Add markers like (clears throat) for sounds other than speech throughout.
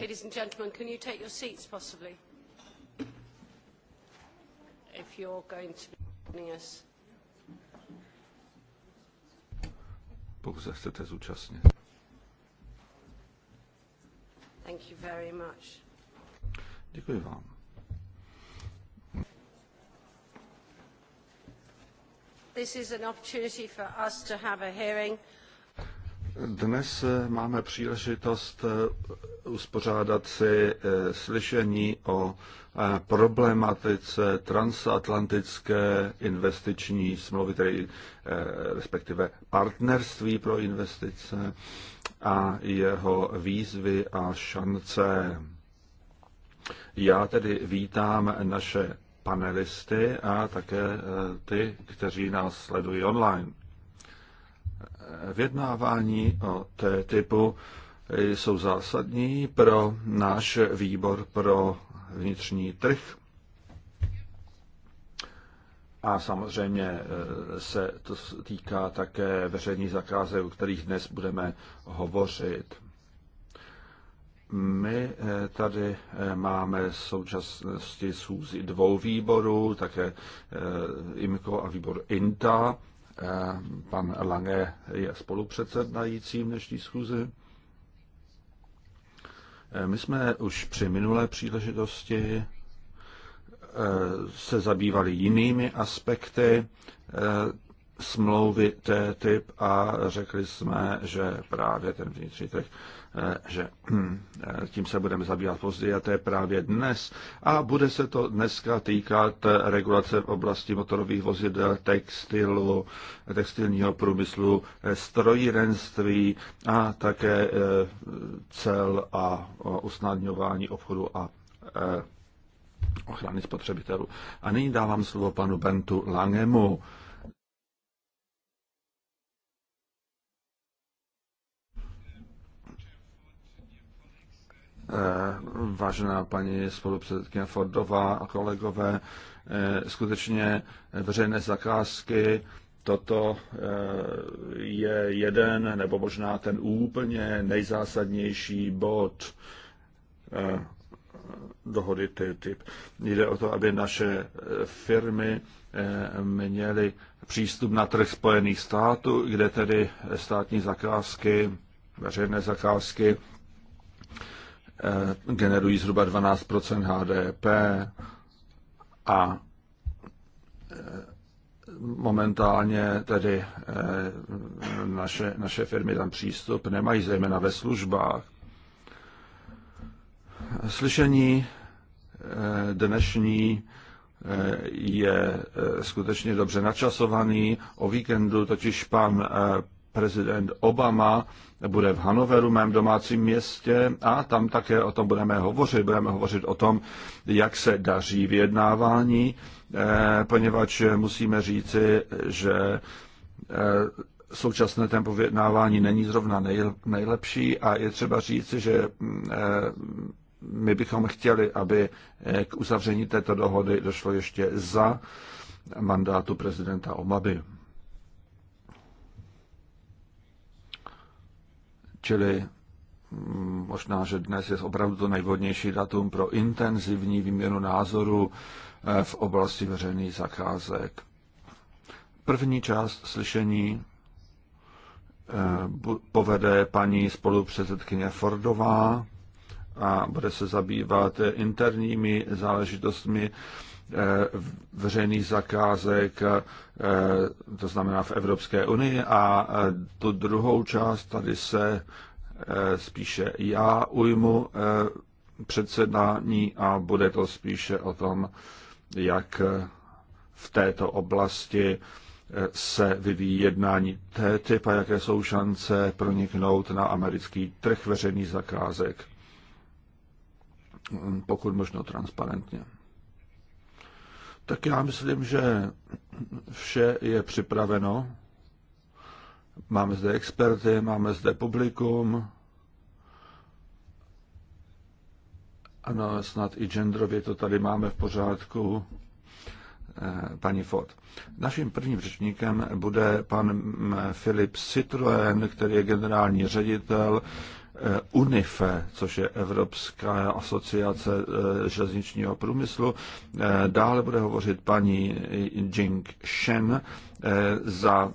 Ladies and gentlemen, can you take your seats possibly? If you're going to be joining us. Pokud chcete zúčastnit. Thank you very much. Děkuji vám. This is an opportunity for us to have a hearing dnes máme příležitost eh, uspořádat si eh, slyšení o eh, problematice transatlantické investiční smlouvy, tedy respektive partnerství pro investice a jeho výzvy a šance. Já tedy vítám naše panelisty a také ty, kteří nás sledují online. Vědnávání o té typu jsou zásadní pro náš výbor pro vnitřní trh. A samozřejmě eh, se to týká také veřejných zakázek, o kterých dnes budeme hovořit. My eh, tady eh, máme v současnosti sůzi dvou výborů, také IMCO a výbor INTA. Eh, pan Lange je v dnešní schůzi. Eh, my jsme už při minulé příležitosti eh, se zabývali jinými aspekty smlouvy TTIP a řekli jsme, že právě ten vnitřní trh Eh, že eh, tím se budeme zabývat později a to je právě dnes. A bude se to dneska týkat regulace v oblasti motorových vozidel, textilu, textilního průmyslu, eh, strojírenství a také cel a usnadňování obchodu a ochrany spotřebitelů. A nyní dávám slovo panu Bentu Langemu Eh, vážená paní spolupředsedkyně Fordová a kolegové, eh, skutečně veřejné zakázky, toto eh, je jeden nebo možná ten úplně nejzásadnější bod dohody TTIP. Jde o to, aby naše firmy měly přístup na trh Spojených států, kde tedy státní zakázky, veřejné zakázky Eh, generují zhruba 12 HDP a eh, momentálně tedy eh, naše, naše firmy tam přístup nemají, zejména ve službách. Slyšení dnešní je skutečně dobře načasovaný. O víkendu totiž pan prezident Obama bude v Hanoveru, mém domácím městě, a tam také o tom budeme hovořit. Budeme hovořit o tom, jak se daří vyjednávání, eh, poněvadž musíme říci, že eh, současné tempo vyjednávání není zrovna nejlepší a je třeba říci, že eh, my bychom chtěli, aby k uzavření této dohody došlo ještě za mandátu prezidenta Obamy. Čili mm, možná, že dnes je opravdu to nejvhodnější datum pro intenzivní výměnu názoru eh, v oblasti veřejných zakázek. První část slyšení eh, povede paní spolupředsedkyně Fordová a bude se zabývat eh, interními záležitostmi Eh, veřejných zakázek, eh, to znamená v Evropské unii. A eh, tu druhou část tady se spíše já ujmu předsedání a bude to spíše o tom, jak v této oblasti se vyvíjí jednání TTIP a jaké jsou šance proniknout na americký trh veřejných zakázek, mm, pokud možno transparentně. Tak já myslím, že vše je připraveno. Máme zde experty, máme zde publikum. Ano, snad i genderově to tady máme v pořádku. Eh, paní Ford. Naším prvním řečníkem bude pan mm, Filip Citroen, který je generální ředitel Eh, UNIFE, což je Evropská asociace eh, železničního průmyslu. Eh, dále bude hovořit paní Jing Shen za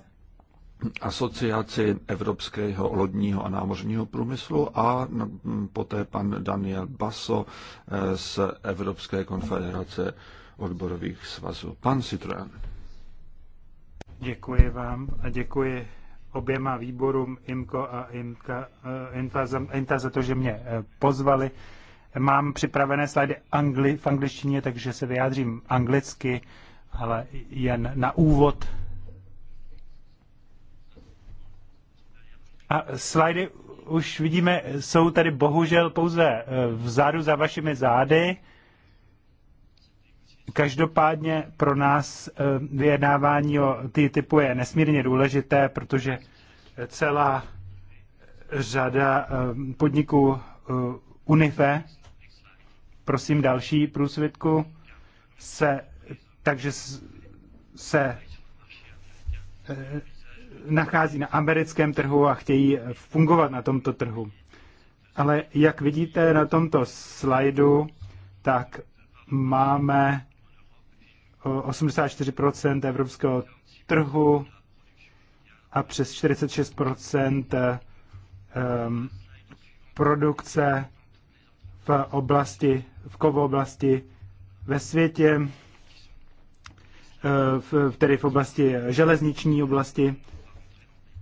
asociaci evropského lodního a námořního průmyslu a hm, poté pan Daniel Basso z Evropské konfederace odborových svazů. Pan Citroen. Děkuji vám a děkuji oběma výborům IMCO a IMCA, eh, INTA, za, INTA za to, že mě eh, pozvali. Mám připravené slajdy angli, v angličtině, takže se vyjádřím anglicky, ale jen na úvod. A slajdy už vidíme, jsou tady bohužel pouze eh, vzadu za vašimi zády. Každopádně pro nás eh, vyjednávání o typu je nesmírně důležité, protože celá řada eh, podniků eh, Unife, prosím další průsvitku, se, takže se nachází na americkém trhu a chtějí fungovat na tomto trhu. Ale jak vidíte na tomto slajdu, tak máme 84% evropského trhu a přes 46% ehm, produkce v oblasti, v oblasti ve světě, ehm, v, tedy v oblasti železniční oblasti.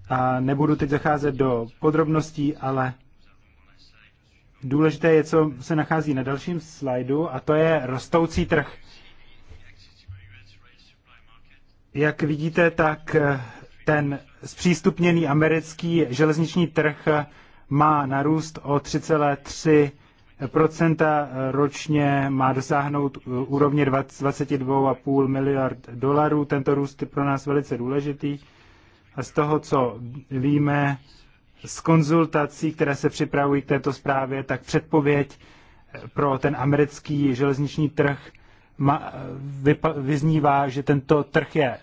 A nebudu teď zacházet do podrobností, ale důležité je, co se nachází na dalším slajdu, a to je rostoucí trh. Jak vidíte, tak eh, ten zpřístupněný americký železniční trh eh, má narůst o 3,3 eh, ročně, má dosáhnout úrovně 22,5 miliard dolarů. Tento růst je pro nás velice důležitý. A z toho, co víme z konzultací, které se připravují k této zprávě, tak předpověď pro ten americký železniční trh vyznívá, že tento trh je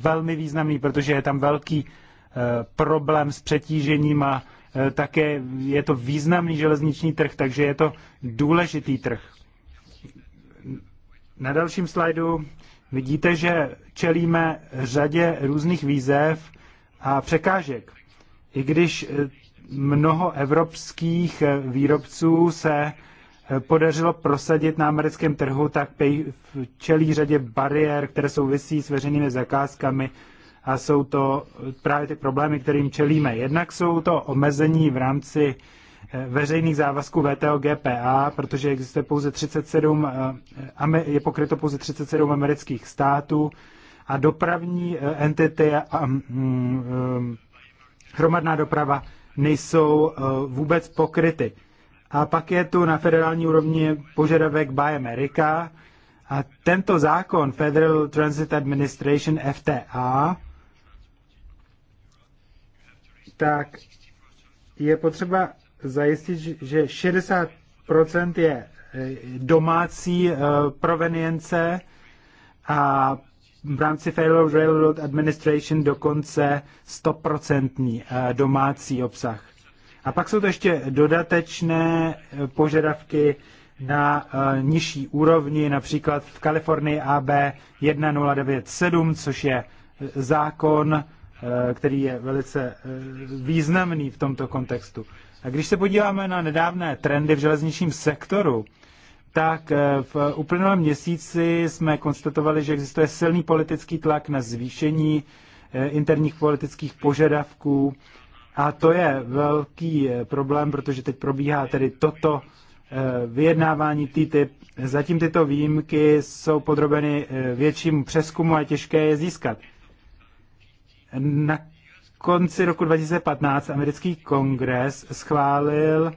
velmi významný, protože je tam velký eh, problém s přetížením a eh, také je to významný železniční trh, takže je to důležitý trh. Na dalším slajdu vidíte, že čelíme řadě různých výzev a překážek. I když eh, mnoho evropských výrobců se podařilo prosadit na americkém trhu, tak čelí řadě bariér, které souvisí s veřejnými zakázkami a jsou to právě ty problémy, kterým čelíme. Jednak jsou to omezení v rámci eh, veřejných závazků VTO GPA, protože existuje pouze 37, eh, je pokryto pouze 37 amerických států a dopravní eh, entity a mm, hromadná doprava nejsou vůbec pokryty. A pak je tu na federální úrovni požadavek Buy America. A tento zákon Federal Transit Administration FTA tak je potřeba zajistit, že 60% je e, domácí e, provenience a v rámci Federal Railroad Administration dokonce 100% e, domácí obsah. A pak jsou to ještě dodatečné eh, požadavky na eh, nižší úrovni, například v Kalifornii AB 1097, což je eh, zákon, který je velice významný v tomto kontextu. A když se podíváme na nedávné trendy v železničním sektoru, tak v uplynulém měsíci jsme konstatovali, že existuje silný politický tlak na zvýšení interních politických požadavků a to je velký eh, problém, protože teď probíhá tedy toto eh, vyjednávání TTIP. Zatím tyto výjimky jsou podrobeny eh, většímu přeskumu a těžké je získat. Na konci roku 2015 americký kongres schválil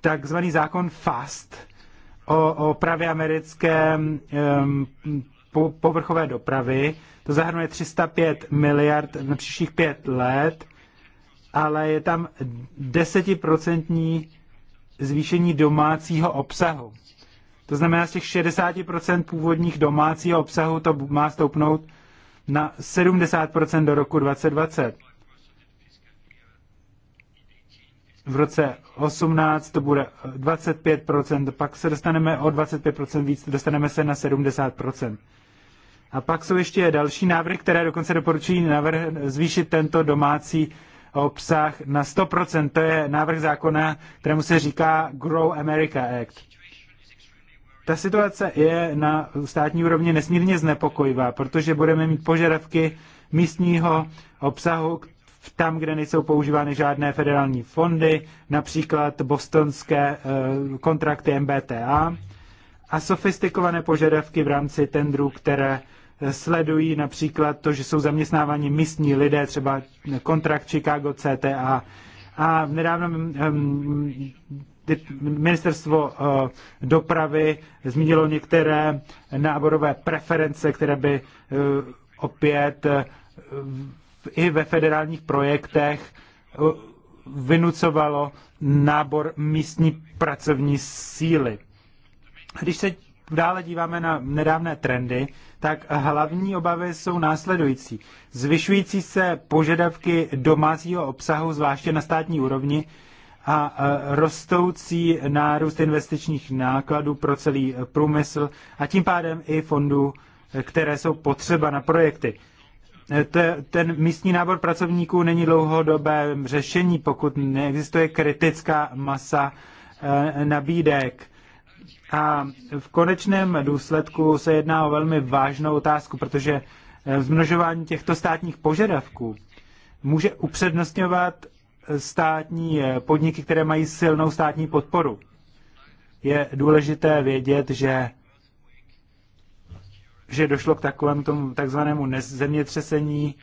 takzvaný zákon FAST o, o právě americké um, povrchové dopravy. To zahrnuje 305 miliard na příštích pět let ale je tam desetiprocentní zvýšení domácího obsahu. To znamená, z těch 60% původních domácího obsahu to má stoupnout na 70% do roku 2020. V roce 18 to bude 25%, pak se dostaneme o 25% víc, dostaneme se na 70%. A pak jsou ještě další návrhy, které dokonce doporučují navrh, zvýšit tento domácí obsah na 100%. To je návrh zákona, kterému se říká Grow America Act. Ta situace je na státní úrovni nesmírně znepokojivá, protože budeme mít požadavky místního obsahu tam, kde nejsou používány žádné federální fondy, například bostonské eh, kontrakty MBTA a sofistikované požadavky v rámci tendrů, které sledují například to, že jsou zaměstnáváni místní lidé, třeba kontrakt Chicago CTA. A v mm, mm, ministerstvo eh, dopravy zmínilo některé náborové preference, které by eh, opět eh, i ve federálních projektech vynucovalo nábor místní pracovní síly. Když se dále díváme na nedávné trendy, tak hlavní obavy jsou následující. Zvyšující se požadavky domácího obsahu, zvláště na státní úrovni, a e, rostoucí nárůst investičních nákladů pro celý průmysl a tím pádem i fondů, e, které jsou potřeba na projekty. E, ten místní nábor pracovníků není dlouhodobé řešení, pokud neexistuje kritická masa nabídek a v konečném důsledku se jedná o velmi vážnou otázku, protože eh, zmnožování těchto státních požadavků může upřednostňovat eh, státní eh, podniky, které mají silnou státní podporu. Je důležité vědět, že že došlo k takovému tomu takzvanému zemětřesení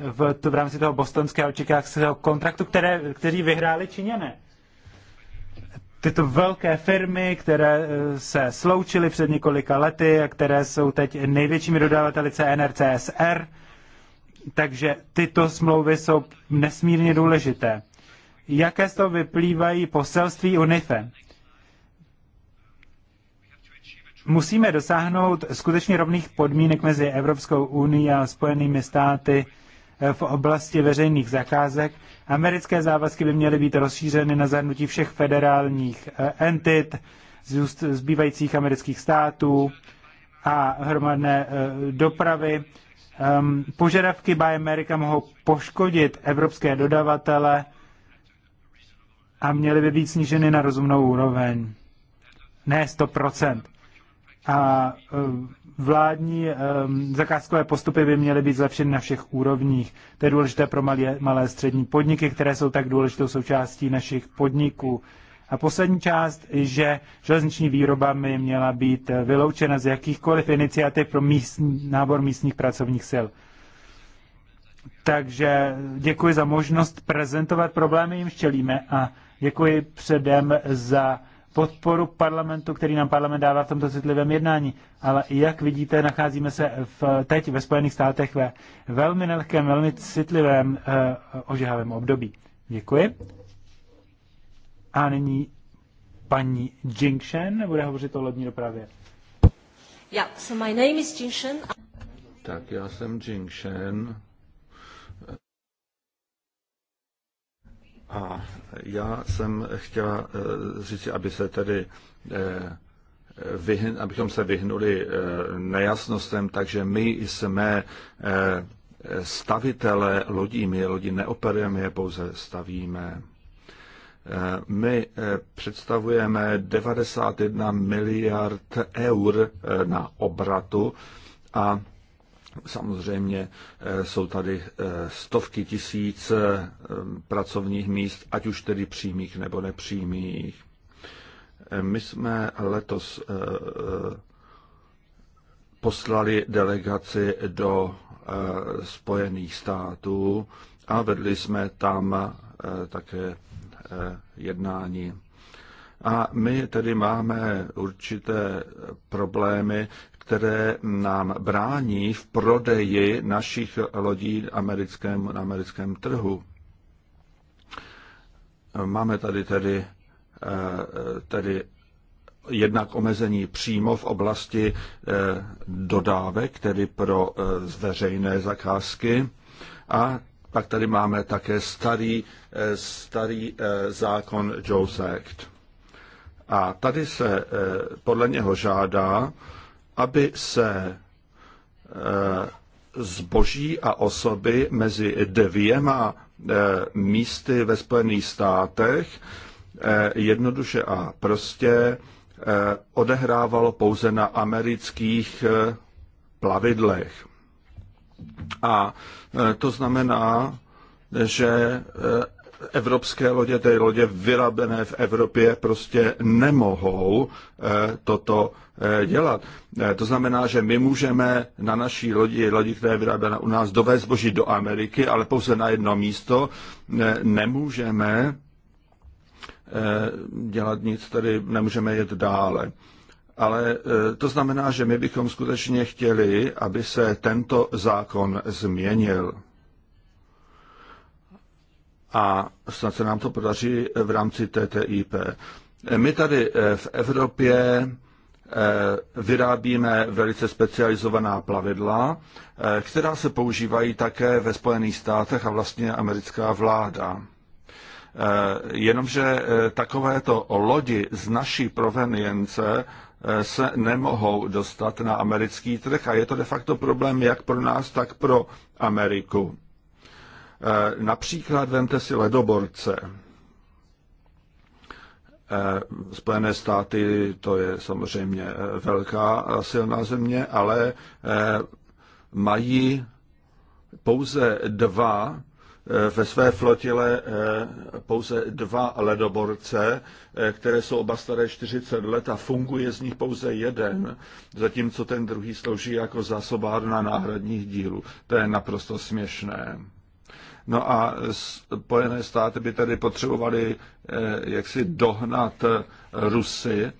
v, v rámci toho bostonského čekáckého kontraktu, které, kteří vyhráli Číňané tyto velké firmy, které eh, se sloučily před několika lety a které jsou teď největšími dodavateli CNRCSR, takže tyto smlouvy jsou nesmírně důležité. Jaké z toho vyplývají poselství UNIFE? Musíme dosáhnout skutečně rovných podmínek mezi Evropskou unii a Spojenými státy Eh, v oblasti veřejných zakázek. Americké závazky by měly být rozšířeny na zahrnutí všech federálních eh, entit, zbývajících amerických států a hromadné eh, dopravy. Ehm, požadavky Buy America mohou poškodit evropské dodavatele a měly by být sníženy na rozumnou úroveň. Ne 100%. A ehm, vládní eh, zakázkové postupy by měly být zlepšeny na všech úrovních. To je důležité pro malé, malé střední podniky, které jsou tak důležitou součástí našich podniků. A poslední část, že železniční výroba by měla být eh, vyloučena z jakýchkoliv iniciativ pro místní, nábor místních pracovních sil. Takže děkuji za možnost prezentovat problémy, jim čelíme a děkuji předem za podporu parlamentu, který nám parlament dává v tomto citlivém jednání. Ale jak vidíte, nacházíme se v, teď ve Spojených státech ve velmi nelehkém, velmi citlivém uh, ožehavém období. Děkuji. A nyní paní Jingshen bude hovořit o lodní dopravě. Yeah, so my name is Jingshen. Tak já jsem Jingshen A já jsem chtěla eh, říct, aby se tedy eh, vyhn, abychom se vyhnuli eh, nejasnostem, takže my jsme stavitele lodí, my lodi neoperujeme, je pouze stavíme. My představujeme 91 miliard eur na obratu a Samozřejmě eh, jsou tady eh, stovky tisíc eh, pracovních míst, ať už tedy přímých nebo nepřímých. My jsme letos poslali delegaci do Spojených států a vedli jsme tam také jednání. A my tedy máme určité problémy, které nám brání v prodeji našich lodí americkém, na americkém trhu. Máme tady tedy, eh, tedy jednak omezení přímo v oblasti eh, dodávek, tedy pro eh, veřejné zakázky. A pak tady máme také starý, starý zákon Jones Act. A tady se podle něho žádá, aby se eh, zboží a osoby mezi dvěma eh, místy ve Spojených státech eh, jednoduše a prostě odehrávalo pouze na amerických plavidlech. A to znamená, že evropské lodě, tedy lodě vyrábené v Evropě, prostě nemohou toto Eh, dělat. Eh, to znamená, že my můžeme na naší lodi, lodi, která je vyráběna u nás, dovést zboží do Ameriky, ale pouze na jedno místo. Eh, nemůžeme dělat nic, tedy nemůžeme jet dále. Ale to znamená, že my bychom skutečně chtěli, aby se tento zákon změnil. A snad se nám to podaří v rámci TTIP. My tady v Evropě Eh, vyrábíme velice specializovaná plavidla, eh, která se používají také ve Spojených státech a vlastně americká vláda. Eh, jenomže takovéto lodi z naší provenience se nemohou dostat na americký trh a je to de facto problém jak pro nás, tak pro Ameriku. Například vemte si ledoborce Eh, Spojené státy to je samozřejmě eh, velká a silná země, ale eh, mají pouze dva ve své flotile pouze dva ledoborce, které jsou oba staré 40 let a funguje z nich pouze jeden, zatímco ten druhý slouží jako zásobárna náhradních dílů. To je naprosto směšné. No a Spojené státy by tedy potřebovaly eh, jaksi dohnat eh, Rusy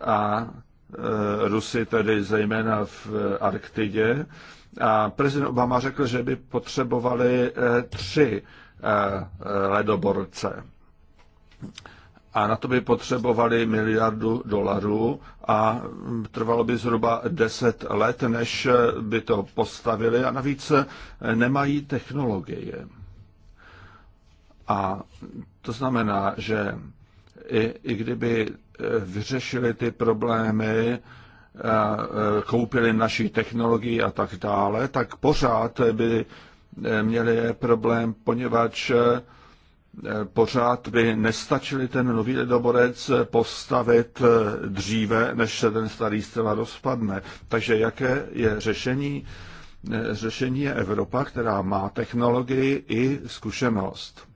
a eh, Rusy tedy zejména v Arktidě. A prezident Obama řekl, že by potřebovali tři ledoborce. A na to by potřebovali miliardu dolarů a hm, trvalo by zhruba 10 let, než by to postavili. A navíc nemají technologie. A to znamená, že i, i kdyby e, vyřešili ty problémy, e, e, koupili naší technologii a tak dále, tak pořád by měli problém, poněvadž pořád by nestačili ten nový ledoborec postavit dříve, než se ten starý zcela rozpadne. Takže jaké je řešení? Řešení je Evropa, která má technologii i zkušenost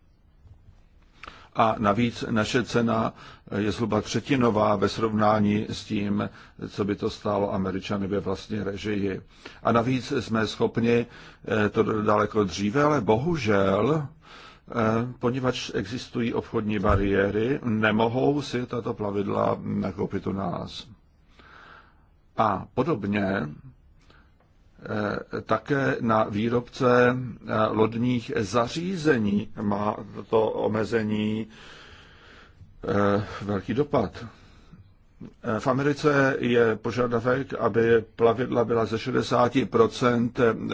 a navíc naše cena je zhruba třetinová ve srovnání s tím, co by to stálo Američany ve vlastní režii. A navíc jsme schopni eh, to daleko dříve, ale bohužel, eh, poněvadž existují obchodní bariéry, nemohou si tato plavidla nakoupit u nás. A podobně Eh, také na výrobce eh, lodních zařízení má to omezení eh, velký dopad. V Americe je požadavek, aby plavidla byla ze 60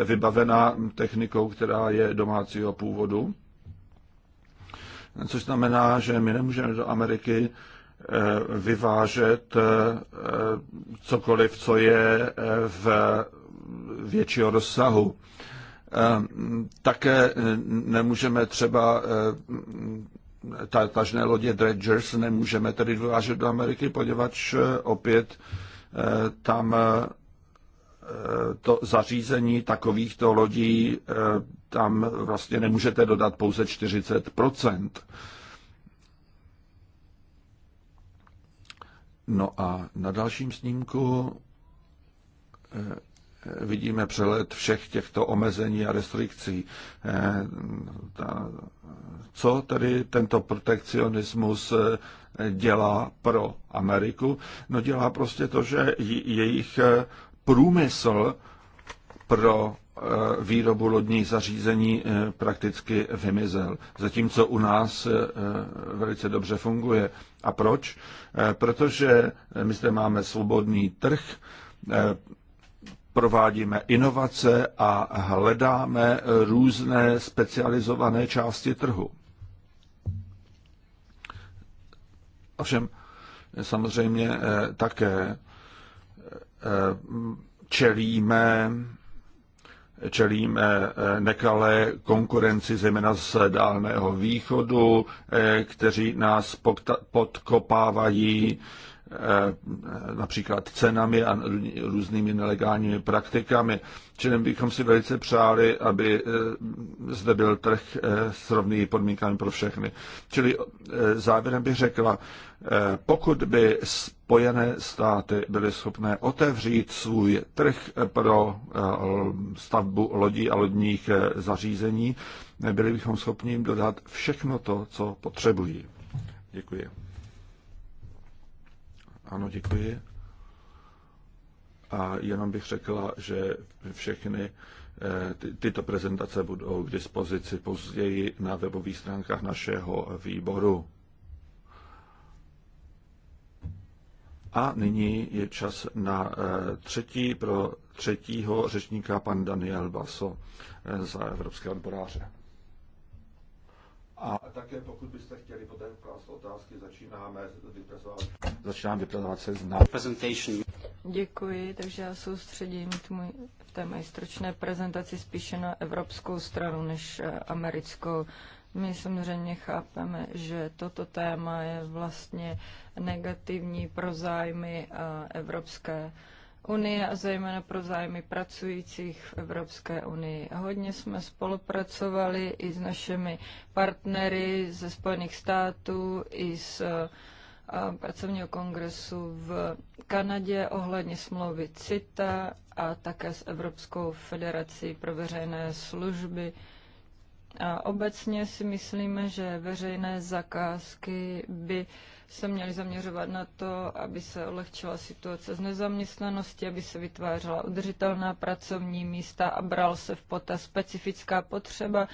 vybavena technikou, která je domácího původu. Což znamená, že my nemůžeme do Ameriky vyvážet cokoliv, co je v většího rozsahu. E, také e, nemůžeme třeba e, ta tažné lodě Dredgers nemůžeme tedy dovážet do Ameriky, poněvadž opět tam to zařízení takovýchto lodí tam vlastně nemůžete dodat pouze 40 No a na dalším snímku vidíme přelet všech těchto omezení a restrikcí. Eh, co tedy tento protekcionismus eh, dělá pro Ameriku? No dělá prostě to, že jejich eh, průmysl pro výrobu lodních zařízení prakticky vymizel. Zatímco u nás velice dobře funguje. A proč? Protože my zde máme svobodný trh, provádíme inovace a hledáme různé specializované části trhu. Ovšem, samozřejmě eh, také eh, čelíme, čelíme eh, nekalé konkurenci zejména z dálného východu, kteří nás podkopávají Eh, například cenami a různými nelegálními praktikami. Čili bychom si velice přáli, aby eh, zde byl trh eh, s rovnými podmínkami pro všechny. Čili závěrem bych řekla, pokud by Spojené státy byly schopné otevřít svůj trh pro stavbu lodí a lodních zařízení, byli bychom schopni jim dodat všechno to, co potřebují. Děkuji. Ano, děkuji. A jenom bych řekla, že všechny eh, ty, tyto prezentace budou k dispozici později na webových stránkách našeho výboru. A nyní je čas na eh, třetí pro třetího řečníka pan Daniel Baso eh, za Evropské odboráře. A také pokud byste chtěli potom klást otázky, začínáme vypracovat, začínám vypracovat presentation. Děkuji, takže já soustředím můj, v té mé stručné prezentaci spíše na evropskou stranu než eh, americkou. My samozřejmě chápeme, že toto téma je vlastně negativní pro zájmy eh, Evropské unie a zejména pro zájmy pracujících v Evropské unii. Hodně jsme spolupracovali i s našimi partnery ze Spojených států, i s eh, pracovního kongresu v Kanadě ohledně smlouvy CITA a také s Evropskou federací pro veřejné služby. A obecně si myslíme, že veřejné zakázky by uh, se měly zaměřovat na to, aby se ulehčila situace z nezaměstnanosti, aby se vytvářela udržitelná pracovní místa a bral se v pota specifická potřeba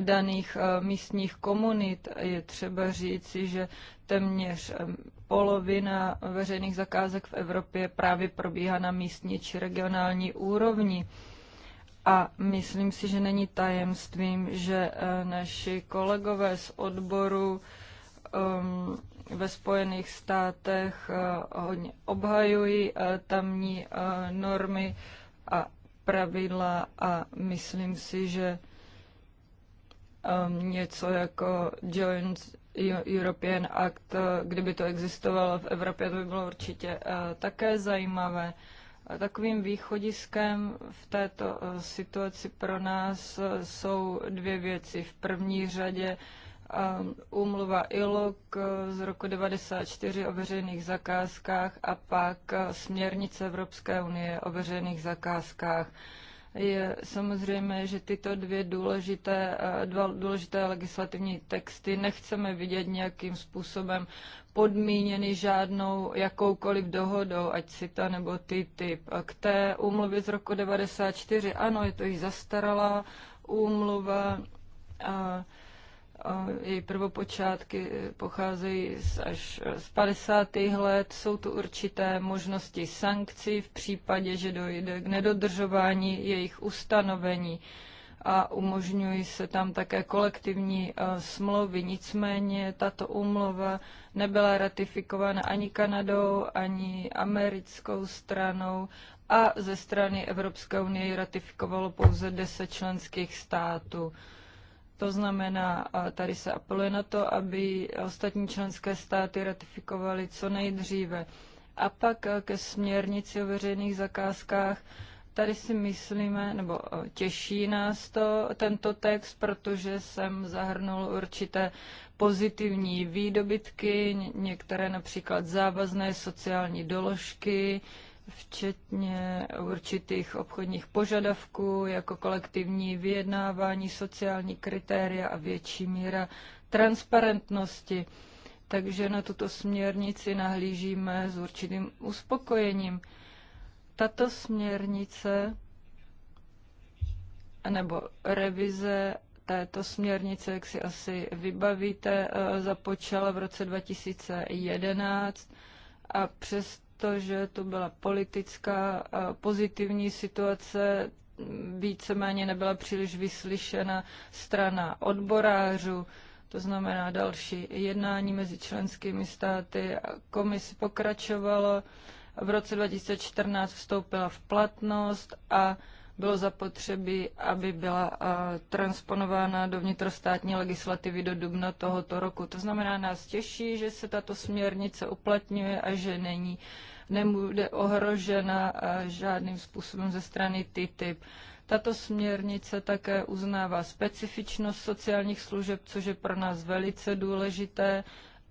daných eh, místních komunit. Je třeba říci, že téměř eh, polovina veřejných zakázek v Evropě právě probíhá na místní či regionální úrovni. A myslím si, že není tajemstvím, že eh, naši kolegové z odboru um, ve Spojených státech eh, hodně obhajují eh, tamní eh, normy a pravidla a myslím si, že ehm, něco jako Joint e-, European Act, kdyby to existovalo v Evropě, to by bylo určitě také zajímavé. takovým východiskem v této situaci pro nás jsou dvě věci. V první řadě Um, úmluva ilok eh, z roku 1994 o veřejných zakázkách a pak eh, směrnice Evropské unie o veřejných zakázkách. Je samozřejmě, že tyto dvě důležité, eh, dva důležité legislativní texty nechceme vidět nějakým způsobem podmíněny žádnou jakoukoliv dohodou, ať ta nebo ty typ K té úmluvě z roku 1994, ano, je to již zastaralá úmluva, a její prvopočátky pocházejí z až z 50. let. Jsou tu určité možnosti sankcí v případě, že dojde k nedodržování jejich ustanovení a umožňují se tam také kolektivní eh, smlouvy. Nicméně tato úmluva nebyla ratifikována ani Kanadou, ani americkou stranou a ze strany Evropské unie ratifikovalo pouze 10 členských států. To znamená, tady se apeluje na to, aby ostatní členské státy ratifikovaly co nejdříve. A pak ke směrnici o veřejných zakázkách. Tady si myslíme, nebo těší nás to, tento text, protože jsem zahrnul určité pozitivní výdobytky, některé například závazné sociální doložky, včetně určitých obchodních požadavků, jako kolektivní vyjednávání, sociální kritéria a větší míra transparentnosti. Takže na tuto směrnici nahlížíme s určitým uspokojením. Tato směrnice nebo revize této směrnice, jak si asi vybavíte, eh, započala v roce 2011 a přes protože to byla politická pozitivní situace, víceméně nebyla příliš vyslyšena strana odborářů, to znamená další jednání mezi členskými státy komise pokračovala, V roce 2014 vstoupila v platnost a bylo zapotřebí, aby byla transponována do vnitrostátní legislativy do dubna tohoto roku. To znamená, nás těší, že se tato směrnice uplatňuje a že není nebude ohrožena žádným způsobem ze strany TTIP. Tato směrnice také uznává specifičnost sociálních služeb, což je pro nás velice důležité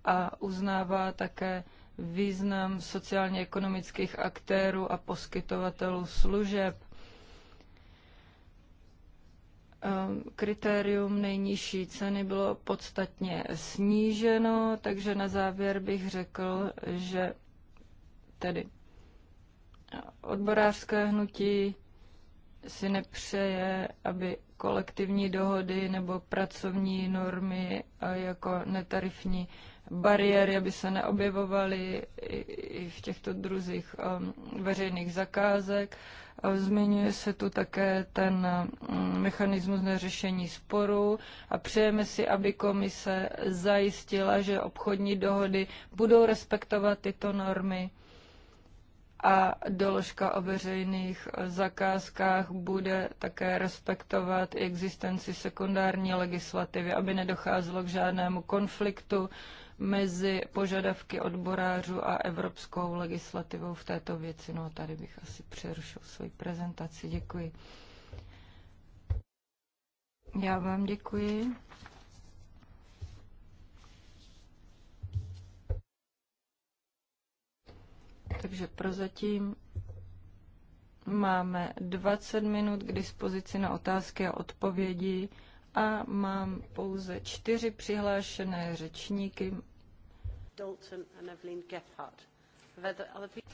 a uznává také význam sociálně-ekonomických aktérů a poskytovatelů služeb. Ehm, kritérium nejnižší ceny bylo podstatně sníženo, takže na závěr bych řekl, že tedy odborářské hnutí si nepřeje, aby kolektivní dohody nebo pracovní normy jako netarifní bariéry, aby se neobjevovaly i v těchto druzích um, veřejných zakázek. Zmiňuje se tu také ten um, mechanismus na řešení sporů a přejeme si, aby komise zajistila, že obchodní dohody budou respektovat tyto normy a doložka o veřejných zakázkách bude také respektovat existenci sekundární legislativy, aby nedocházelo k žádnému konfliktu mezi požadavky odborářů a evropskou legislativou v této věci. No tady bych asi přerušil svoji prezentaci. Děkuji. Já vám děkuji. Takže prozatím máme 20 minut k dispozici na otázky a odpovědi a mám pouze čtyři přihlášené řečníky.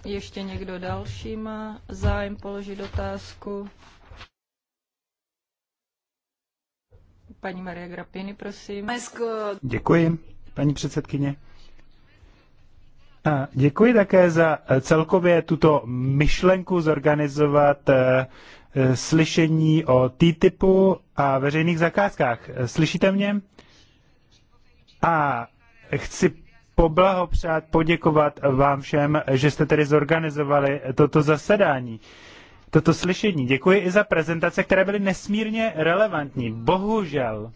Ještě někdo další má zájem položit otázku? Paní Maria Grapiny, prosím. Děkuji, paní předsedkyně děkuji také za e, celkově tuto myšlenku zorganizovat e, e, slyšení o T-typu a veřejných zakázkách. Slyšíte mě? A chci poblahopřát, poděkovat vám všem, že jste tedy zorganizovali toto zasedání, toto slyšení. Děkuji i za prezentace, které byly nesmírně relevantní. Bohužel,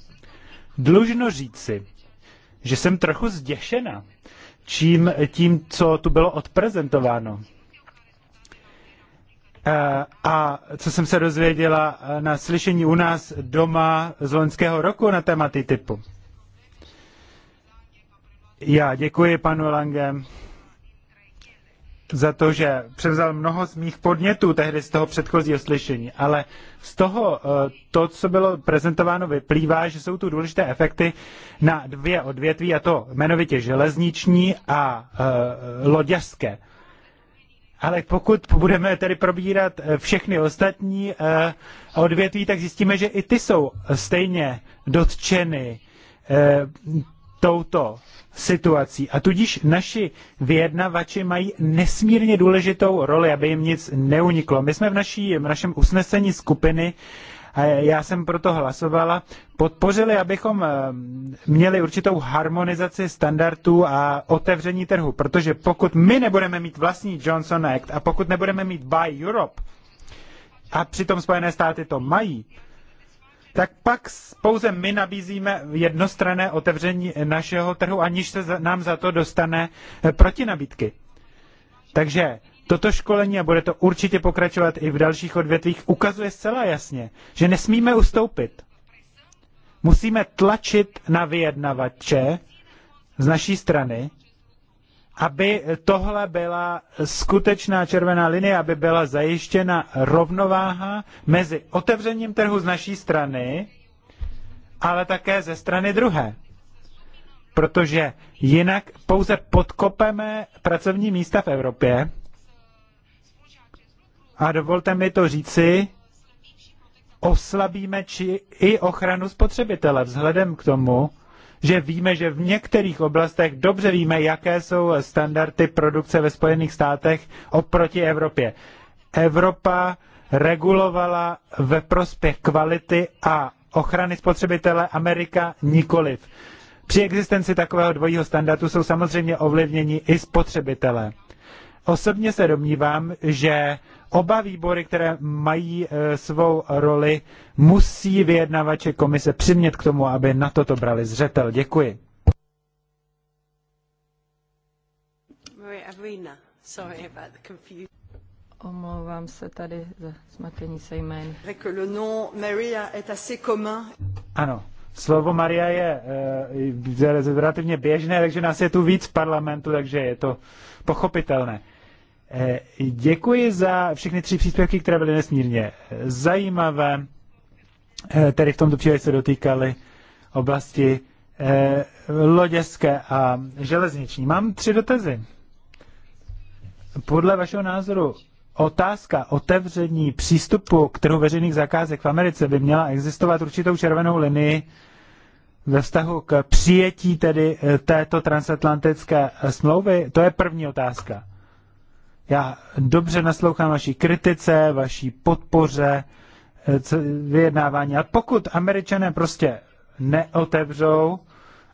dlužno říci, že jsem trochu zděšena, čím, tím, co tu bylo odprezentováno. Eh, a co jsem se dozvěděla eh, na slyšení u nás doma z loňského roku na tématy typu. Já děkuji panu Langem za to, že převzal mnoho z mých podnětů tehdy z toho předchozího slyšení, ale z toho eh, to, co bylo prezentováno, vyplývá, že jsou tu důležité efekty na dvě odvětví, a to jmenovitě železniční a eh, loďařské. Ale pokud budeme tedy probírat eh, všechny ostatní odvětví, tak zjistíme, že i ty jsou stejně dotčeny touto situací. A tudíž naši vyjednavači mají nesmírně důležitou roli, aby jim nic neuniklo. My jsme v, naší, v našem usnesení skupiny a já jsem proto hlasovala, podpořili, abychom eh, měli určitou harmonizaci standardů a otevření trhu, protože pokud my nebudeme mít vlastní Johnson Act a pokud nebudeme mít Buy Europe, a přitom Spojené státy to mají, tak pak pouze my nabízíme jednostranné otevření našeho trhu, aniž se nám za to dostane eh, protinabídky. Takže Toto školení, a bude to určitě pokračovat i v dalších odvětvích, ukazuje zcela jasně, že nesmíme ustoupit. Musíme tlačit na vyjednavače z naší strany, aby tohle byla skutečná červená linie, aby byla zajištěna rovnováha mezi otevřením trhu z naší strany, ale také ze strany druhé. Protože jinak pouze podkopeme pracovní místa v Evropě. A dovolte mi to říci, oslabíme či i ochranu spotřebitele vzhledem k tomu, že víme, že v některých oblastech dobře víme, jaké jsou standardy produkce ve Spojených státech oproti Evropě. Evropa regulovala ve prospěch kvality a ochrany spotřebitele, Amerika nikoliv. Při existenci takového dvojího standardu jsou samozřejmě ovlivněni i spotřebitelé. Osobně se domnívám, že Oba výbory, které mají e, svou roli, musí vyjednavače komise přimět k tomu, aby na toto brali zřetel. Děkuji. Sorry Omlouvám se tady za zmatení se jmény. Ano, slovo Maria je e, relativně běžné, takže nás je tu víc v parlamentu, takže je to pochopitelné. Eh, děkuji za všechny tři příspěvky, které byly nesmírně eh, zajímavé, eh, tedy v tomto případě se dotýkaly oblasti loděské a železniční. Mám tři dotazy. Podle vašeho názoru otázka otevření přístupu k trhu veřejných zakázek v Americe by měla existovat určitou červenou linii ve vztahu k přijetí tedy této transatlantické smlouvy? To je první otázka. Já dobře naslouchám vaší kritice, vaší podpoře, eh, vyjednávání. A pokud američané prostě neotevřou,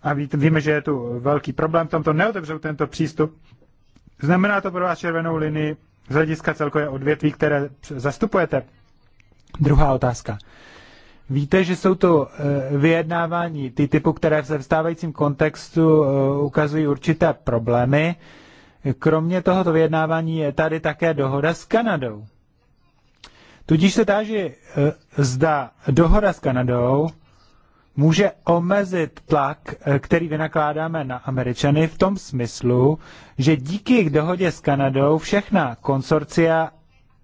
a ví, víme, že je tu velký problém v tomto, neotevřou tento přístup, znamená to pro vás červenou linii z hlediska celkové odvětví, které zastupujete? Druhá otázka. Víte, že jsou to eh, vyjednávání ty typu, které se v stávajícím kontextu eh, ukazují určité problémy, Kromě tohoto vyjednávání je tady také dohoda s Kanadou. Tudíž se táži, e, zda dohoda s Kanadou může omezit tlak, e, který vynakládáme na Američany v tom smyslu, že díky k dohodě s Kanadou všechna konsorcia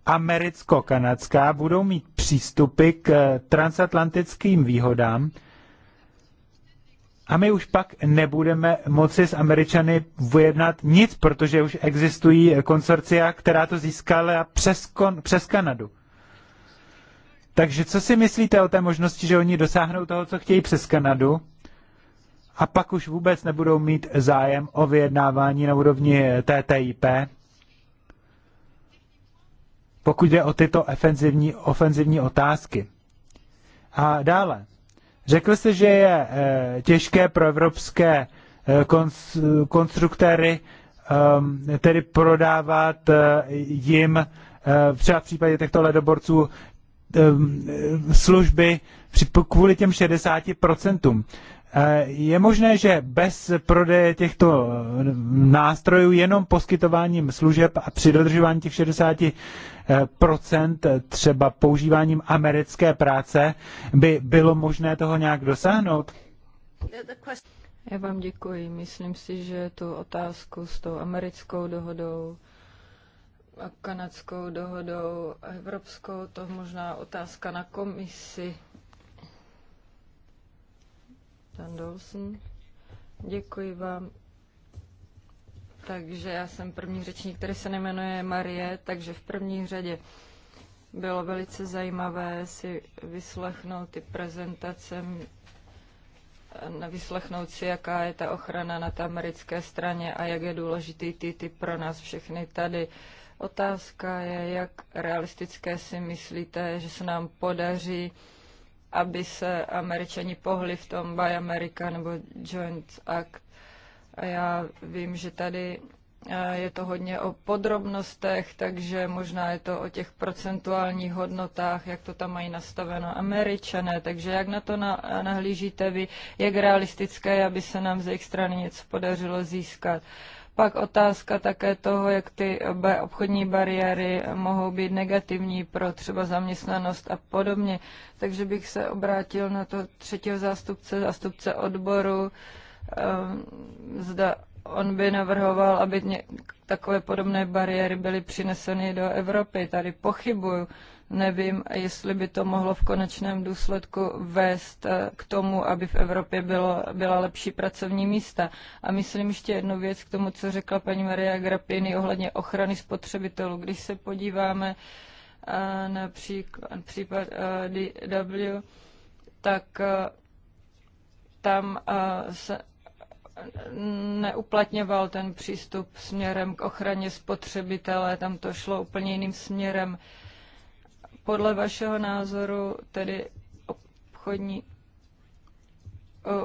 americko-kanadská budou mít přístupy k e, transatlantickým výhodám, a my už pak nebudeme moci s Američany vyjednat nic, protože už existují konsorcia, která to získala přes, kon, přes Kanadu. Takže co si myslíte o té možnosti, že oni dosáhnou toho, co chtějí přes Kanadu a pak už vůbec nebudou mít zájem o vyjednávání na úrovni TTIP? Pokud jde o tyto ofenzivní, ofenzivní otázky. A dále Řekl jste, že je eh, těžké pro evropské eh, konstruktéry ehm, tedy prodávat eh, jim třeba v případě těchto ledoborců ehm, služby kvůli těm 60%. Eh, je možné, že bez prodeje těchto eh, nástrojů jenom poskytováním služeb a při dodržování těch 60% eh, třeba používáním americké práce by bylo možné toho nějak dosáhnout? Já vám děkuji. Myslím si, že tu otázku s tou americkou dohodou a kanadskou dohodou a evropskou, to možná otázka na komisi Pan Dolson. děkuji vám. Takže já jsem první řečník, který se jmenuje Marie, takže v první řadě bylo velice zajímavé si vyslechnout ty prezentace, vyslechnout si, jaká je ta ochrana na té americké straně a jak je důležitý ty ty pro nás všechny tady. Otázka je, jak realistické si myslíte, že se nám podaří aby se američani pohli v tom Buy America nebo Joint Act. A já vím, že tady eh, je to hodně o podrobnostech, takže možná je to o těch procentuálních hodnotách, jak to tam mají nastaveno američané. Takže jak na to nahlížíte vy, jak realistické, aby se nám ze jejich strany něco podařilo získat? Uh, pak otázka také toho, jak ty obchodní bariéry mohou být negativní pro třeba zaměstnanost a podobně. Takže bych se obrátil na to třetího zástupce, zástupce odboru, eh, zda on by navrhoval, aby takové podobné bariéry byly přineseny do Evropy. Tady pochybuju. Nevím, jestli by to mohlo v konečném důsledku vést eh, k tomu, aby v Evropě bylo, byla lepší pracovní místa. A myslím ještě jednu věc k tomu, co řekla paní Maria Grapini ohledně ochrany spotřebitelů. Když se podíváme eh, na případ eh, DW, tak tam se neuplatňoval ten přístup směrem k ochraně spotřebitele, tam to šlo úplně jiným směrem. Podle vašeho názoru tedy obchodní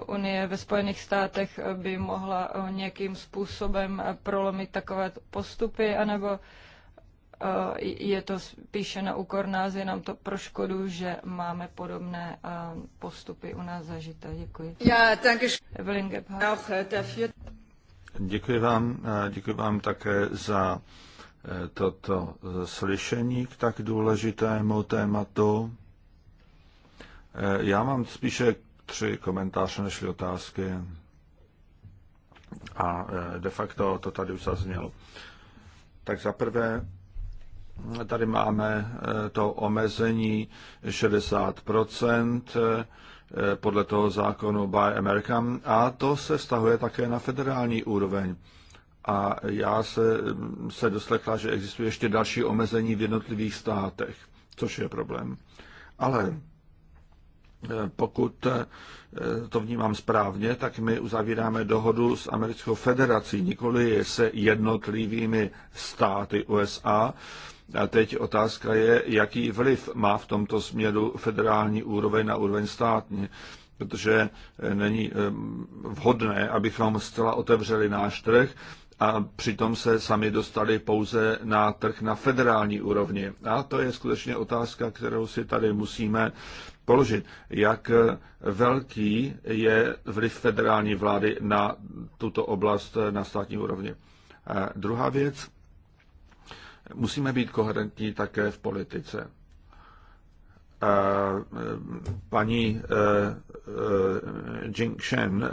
Unie ve Spojených státech by mohla nějakým způsobem prolomit takové postupy, anebo je to spíše na úkor nás, je nám to pro škodu, že máme podobné postupy u nás zažité. Děkuji. Já danke. Evelyn Gebhardt. Eh, děkuji vám, eh, děkuji vám také za toto slyšení k tak důležitému tématu. Eh, já mám spíše tři komentáře než otázky. A eh, de facto to tady už zaznělo. Tak za prvé, tady máme eh, to omezení 60 podle toho zákonu by American a to se stahuje také na federální úroveň a já se, se doslechla, že existuje ještě další omezení v jednotlivých státech, což je problém. Ale eh, pokud eh, to vnímám správně, tak my uzavíráme dohodu s Americkou federací, nikoli se jednotlivými státy USA. A teď otázka je, jaký vliv má v tomto směru federální úroveň na úroveň státní, protože eh, není vhodné, abychom zcela otevřeli náš trh a přitom se sami dostali pouze na trh na federální úrovni. A to je skutečně otázka, kterou si tady musíme položit. Jak velký je vliv federální vlády na tuto oblast na státní úrovni? A druhá věc, musíme být koherentní také v politice. E, paní e, e, Jing Shen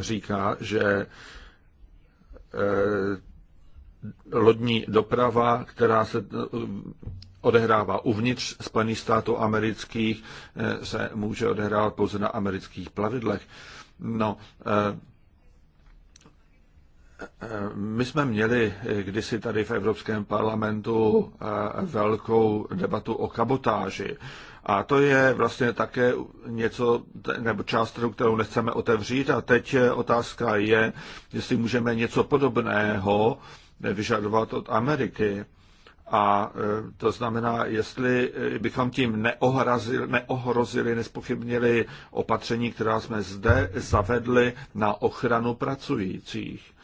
říká, že Eh, lodní doprava, která se eh, odehrává uvnitř Spojených států amerických, eh, se může odehrávat pouze na amerických plavidlech. No, my jsme měli kdysi tady v Evropském parlamentu velkou debatu o kabotáži a to je vlastně také něco, nebo část trhu, kterou nechceme otevřít. A teď otázka je, jestli můžeme něco podobného vyžadovat od Ameriky. A e, to znamená, jestli e, bychom tím neohrozili, neohrozili, nespochybnili opatření, která jsme zde zavedli na ochranu pracujících.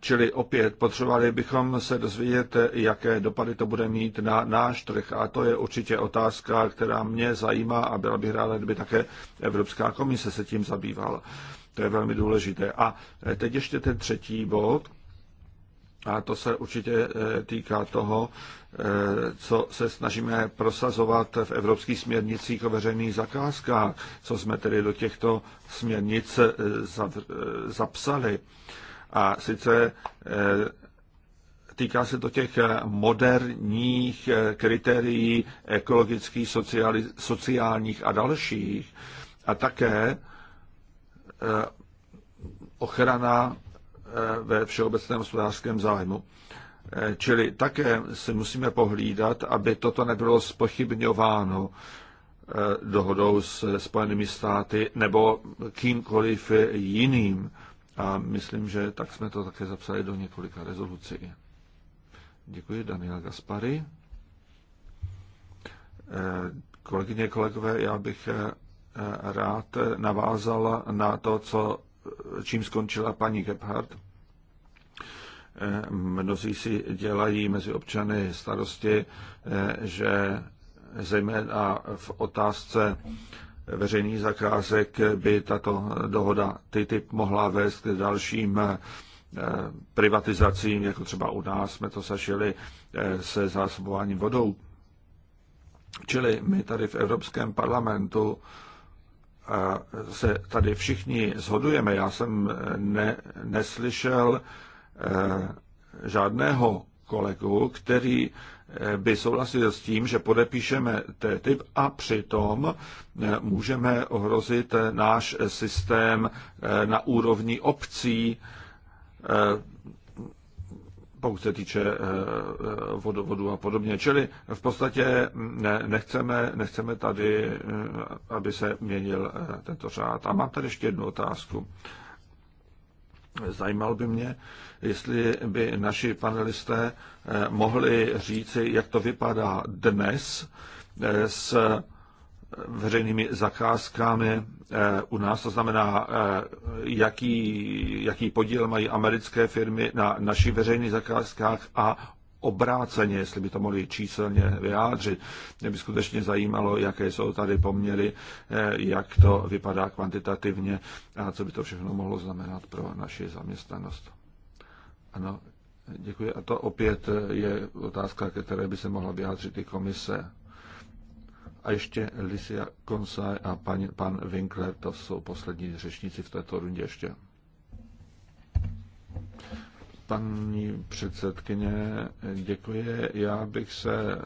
Čili opět potřebovali bychom se dozvědět, jaké dopady to bude mít na náš trh. A to je určitě otázka, která mě zajímá a byla bych ráda, kdyby také Evropská komise se tím zabývala. To je velmi důležité. A teď ještě ten třetí bod. A to se určitě eh, týká toho, eh, co se snažíme prosazovat v evropských směrnicích o veřejných zakázkách, co jsme tedy do těchto směrnic eh, zapsali. A sice eh, týká se to těch eh, moderních eh, kritérií ekologických, sociálních a dalších a také ochrana ve všeobecném hospodářském zájmu. Čili také si musíme pohlídat, aby toto nebylo spochybňováno dohodou s Spojenými státy nebo kýmkoliv jiným a myslím, že tak jsme to také zapsali do několika rezolucí. Děkuji, Daniel Gaspary. Eh, kolegyně, kolegové, já bych eh, rád navázal na to, co, eh, čím skončila paní Gebhardt. Mnozí si dělají mezi občany starosti, že zejména v otázce veřejných zakázek by tato dohoda TTIP mohla vést k dalším eh, privatizacím, jako třeba u nás jsme to zažili eh, se zásobováním vodou. Čili my tady v Evropském parlamentu eh, se tady všichni zhodujeme. Já jsem ne, neslyšel žádného kolegu, který by souhlasil s tím, že podepíšeme TTIP a přitom eh, můžeme ohrozit eh, náš eh, systém na úrovni obcí, pokud se týče vodovodu a podobně. Čili v podstatě mm, nechceme, nechceme tady, aby se měnil tento řád. A mám tady ještě jednu otázku. Zajímal by mě, jestli by naši panelisté eh, mohli říci, jak to vypadá dnes eh, s eh, veřejnými zakázkami u nás, to znamená, jaký, jaký podíl mají americké firmy na našich veřejných zakázkách a obráceně, jestli by to mohli číselně vyjádřit. Mě by skutečně zajímalo, jaké jsou tady poměry, eh, jak to vypadá kvantitativně a co by to všechno mohlo znamenat pro naši zaměstnanost. Ano, děkuji. A to opět eh, je otázka, ke které by se mohla vyjádřit i komise. A ještě Lysia Konsaj a pan, pan Winkler, to jsou poslední řečníci v této rundě ještě paní předsedkyně, děkuji. Já bych se,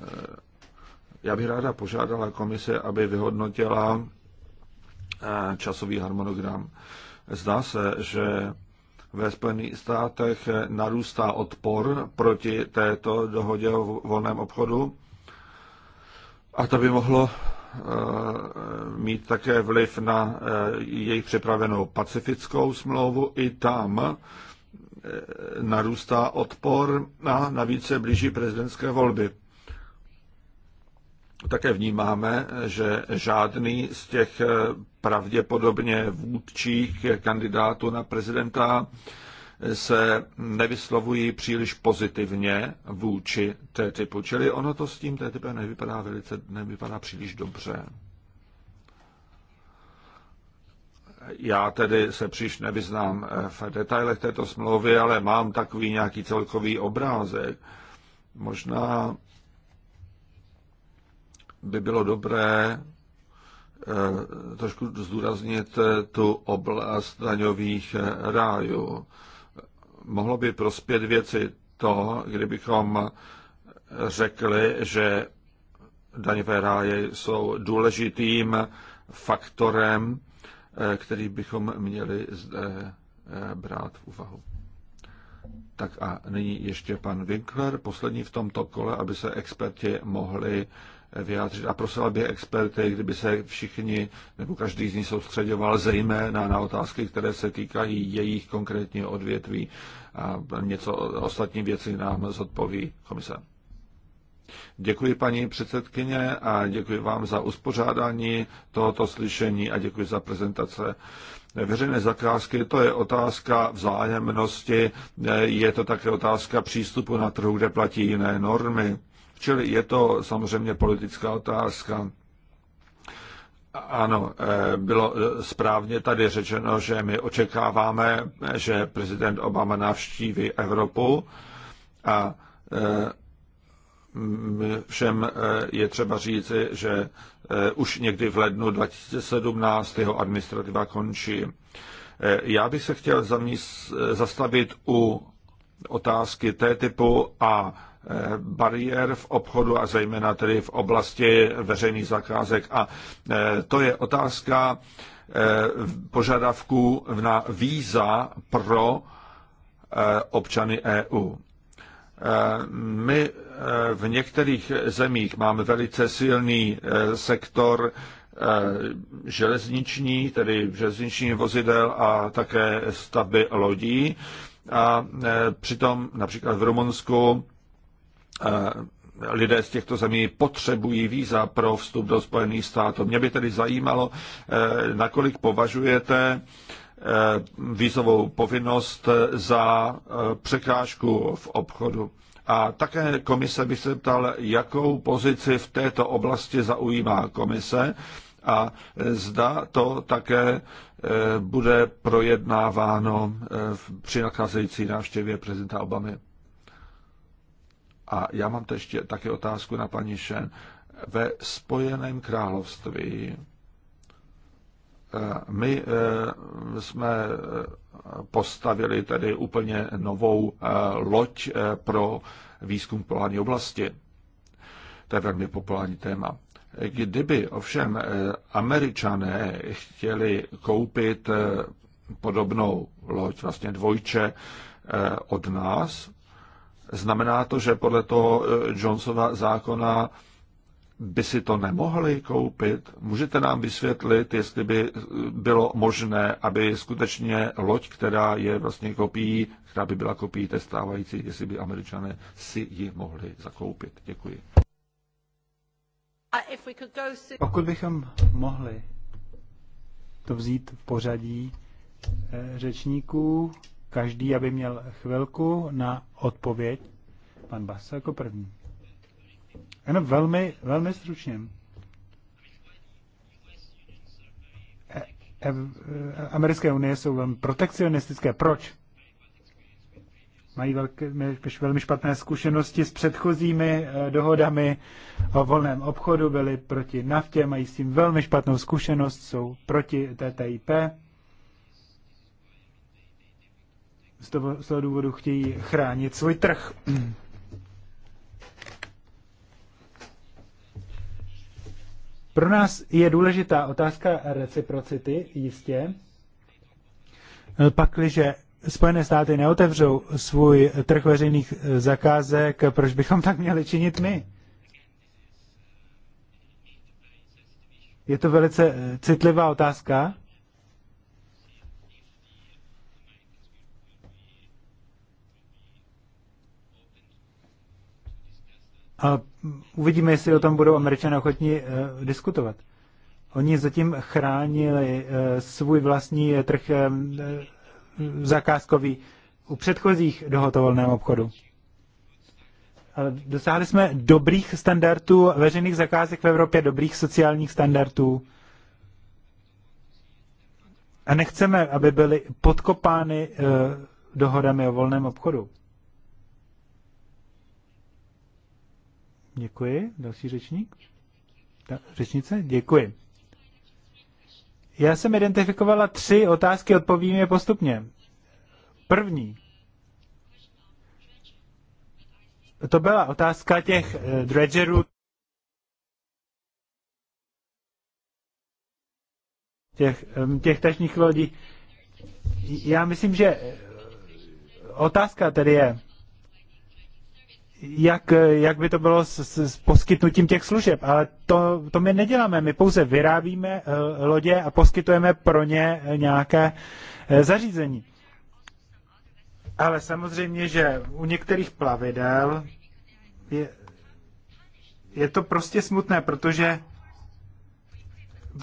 já bych ráda požádala komise, aby vyhodnotila eh, časový harmonogram. Zdá se, že ve Spojených státech narůstá odpor proti této dohodě o volném obchodu a to by mohlo eh, mít také vliv na eh, jejich připravenou pacifickou smlouvu. I tam Eh, narůstá odpor a navíc se blíží prezidentské volby. Také vnímáme, že žádný z těch eh, pravděpodobně vůdčích kandidátů na prezidenta eh, se nevyslovují příliš pozitivně vůči té typu. Čili ono to s tím té typem nevypadá, velice, nevypadá příliš dobře. Já tedy se příš nevyznám eh, v detailech této smlouvy, ale mám takový nějaký celkový obrázek. Možná by bylo dobré eh, trošku zdůraznit eh, tu oblast daňových rájů. Mohlo by prospět věci to, kdybychom řekli, že daňové ráje jsou důležitým faktorem Eh, který bychom měli zde eh, brát v úvahu. Tak a nyní ještě pan Winkler, poslední v tomto kole, aby se experti mohli eh, vyjádřit. A prosil by experty, kdyby se všichni nebo každý z nich soustředoval zejména na otázky, které se týkají jejich konkrétního odvětví a něco ostatní věci nám zodpoví komise. Děkuji paní předsedkyně a děkuji vám za uspořádání tohoto slyšení a děkuji za prezentace. Veřejné zakázky, to je otázka vzájemnosti, je to také otázka přístupu na trhu, kde platí jiné normy. Čili je to samozřejmě politická otázka. Ano, eh, bylo eh, správně tady řečeno, že my očekáváme, eh, že prezident Obama navštíví Evropu a všem eh, je třeba říci, že eh, už někdy v lednu 2017 jeho administrativa končí. Eh, já bych se chtěl zastavit u otázky té typu a bariér v obchodu a zejména tedy v oblasti veřejných zakázek. A to je otázka požadavků na víza pro občany EU. My eh, v některých zemích máme velice silný eh, sektor eh, železniční, tedy železniční vozidel a také stavby lodí. A přitom například v Rumunsku lidé z těchto zemí potřebují víza pro vstup do Spojených států. Mě by tedy zajímalo, nakolik považujete Eh, vízovou povinnost za eh, překážku v obchodu. A také komise bych se ptal, jakou pozici v této oblasti zaujímá komise a zda to také eh, bude projednáváno při nadcházející návštěvě prezidenta Obamy. A já mám teď ještě také otázku na paní Šen. Ve Spojeném království Eh, my eh, jsme eh, postavili tedy úplně novou loď pro výzkum polární oblasti. To je velmi populární téma. Kdyby ovšem američané chtěli koupit podobnou loď, vlastně dvojče od nás, znamená to, že podle toho Johnsova zákona by si to nemohli koupit? Můžete nám vysvětlit, jestli by eh, bylo možné, aby skutečně loď, která je vlastně kopií, která by byla kopií té stávající, jestli by američané si ji mohli zakoupit? Děkuji. Pokud bychom mohli to vzít v pořadí eh, řečníků, každý, aby měl chvilku na odpověď, pan Basa jako první. Jenom velmi, velmi stručně. E, e, americké unie jsou velmi protekcionistické. Proč? Mají velké, velmi špatné zkušenosti s předchozími e, dohodami o volném obchodu, byli proti naftě, mají s tím velmi špatnou zkušenost, jsou proti TTIP. Z toho, z toho důvodu chtějí chránit svůj trh. Pro nás je důležitá otázka reciprocity, jistě. Eh, Pakliže Spojené státy neotevřou svůj trh veřejných eh, zakázek, proč bychom tak měli činit my? Je to velice eh, citlivá otázka A uvidíme, jestli o tom budou američané ochotní eh, diskutovat. Oni zatím chránili eh, svůj vlastní eh, trh zakázkový u předchozích dohod o volném obchodu. Ale dosáhli jsme dobrých standardů veřejných zakázek v Evropě, dobrých sociálních standardů. A nechceme, aby byly podkopány dohodami o volném obchodu. Děkuji. Další řečník? Ta, řečnice? Děkuji. Já jsem identifikovala tři otázky, odpovím je postupně. První. To byla otázka těch eh, dredgerů, těch, těch tašních lodí. Já myslím, že eh, otázka tedy je, jak, jak by to bylo s, s, s poskytnutím těch služeb. Ale to, to my neděláme, my pouze vyrábíme eh, lodě a poskytujeme pro ně eh, nějaké eh, zařízení. Ale samozřejmě, že u některých plavidel je, je to prostě smutné, protože,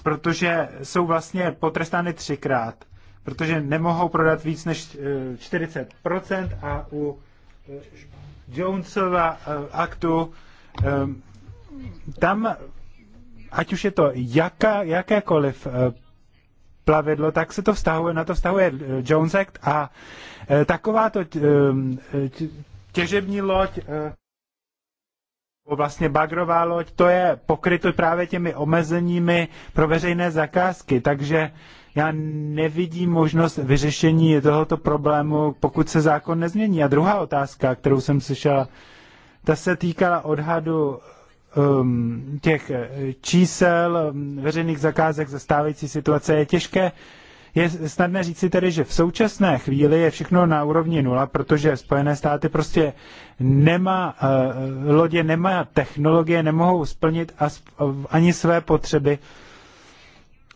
protože jsou vlastně potrestány třikrát, protože nemohou prodat víc než 40% a u Jonesova eh, aktu, eh, tam, ať už je to jaká, jakékoliv eh, plavidlo, tak se to vztahuje, na to vztahuje Jones Act a uh, těžební loď vlastně bagrová loď, to je pokryto právě těmi omezeními pro veřejné zakázky, takže já nevidím možnost vyřešení tohoto problému, pokud se zákon nezmění. A druhá otázka, kterou jsem slyšela, ta se týkala odhadu um, těch eh, čísel um, veřejných zakázek za stávající situace. Je těžké, je snadné říci tedy, že v současné chvíli je všechno na úrovni nula, protože Spojené státy prostě nemá uh, lodě, nemá technologie, nemohou splnit ani své potřeby. Uh,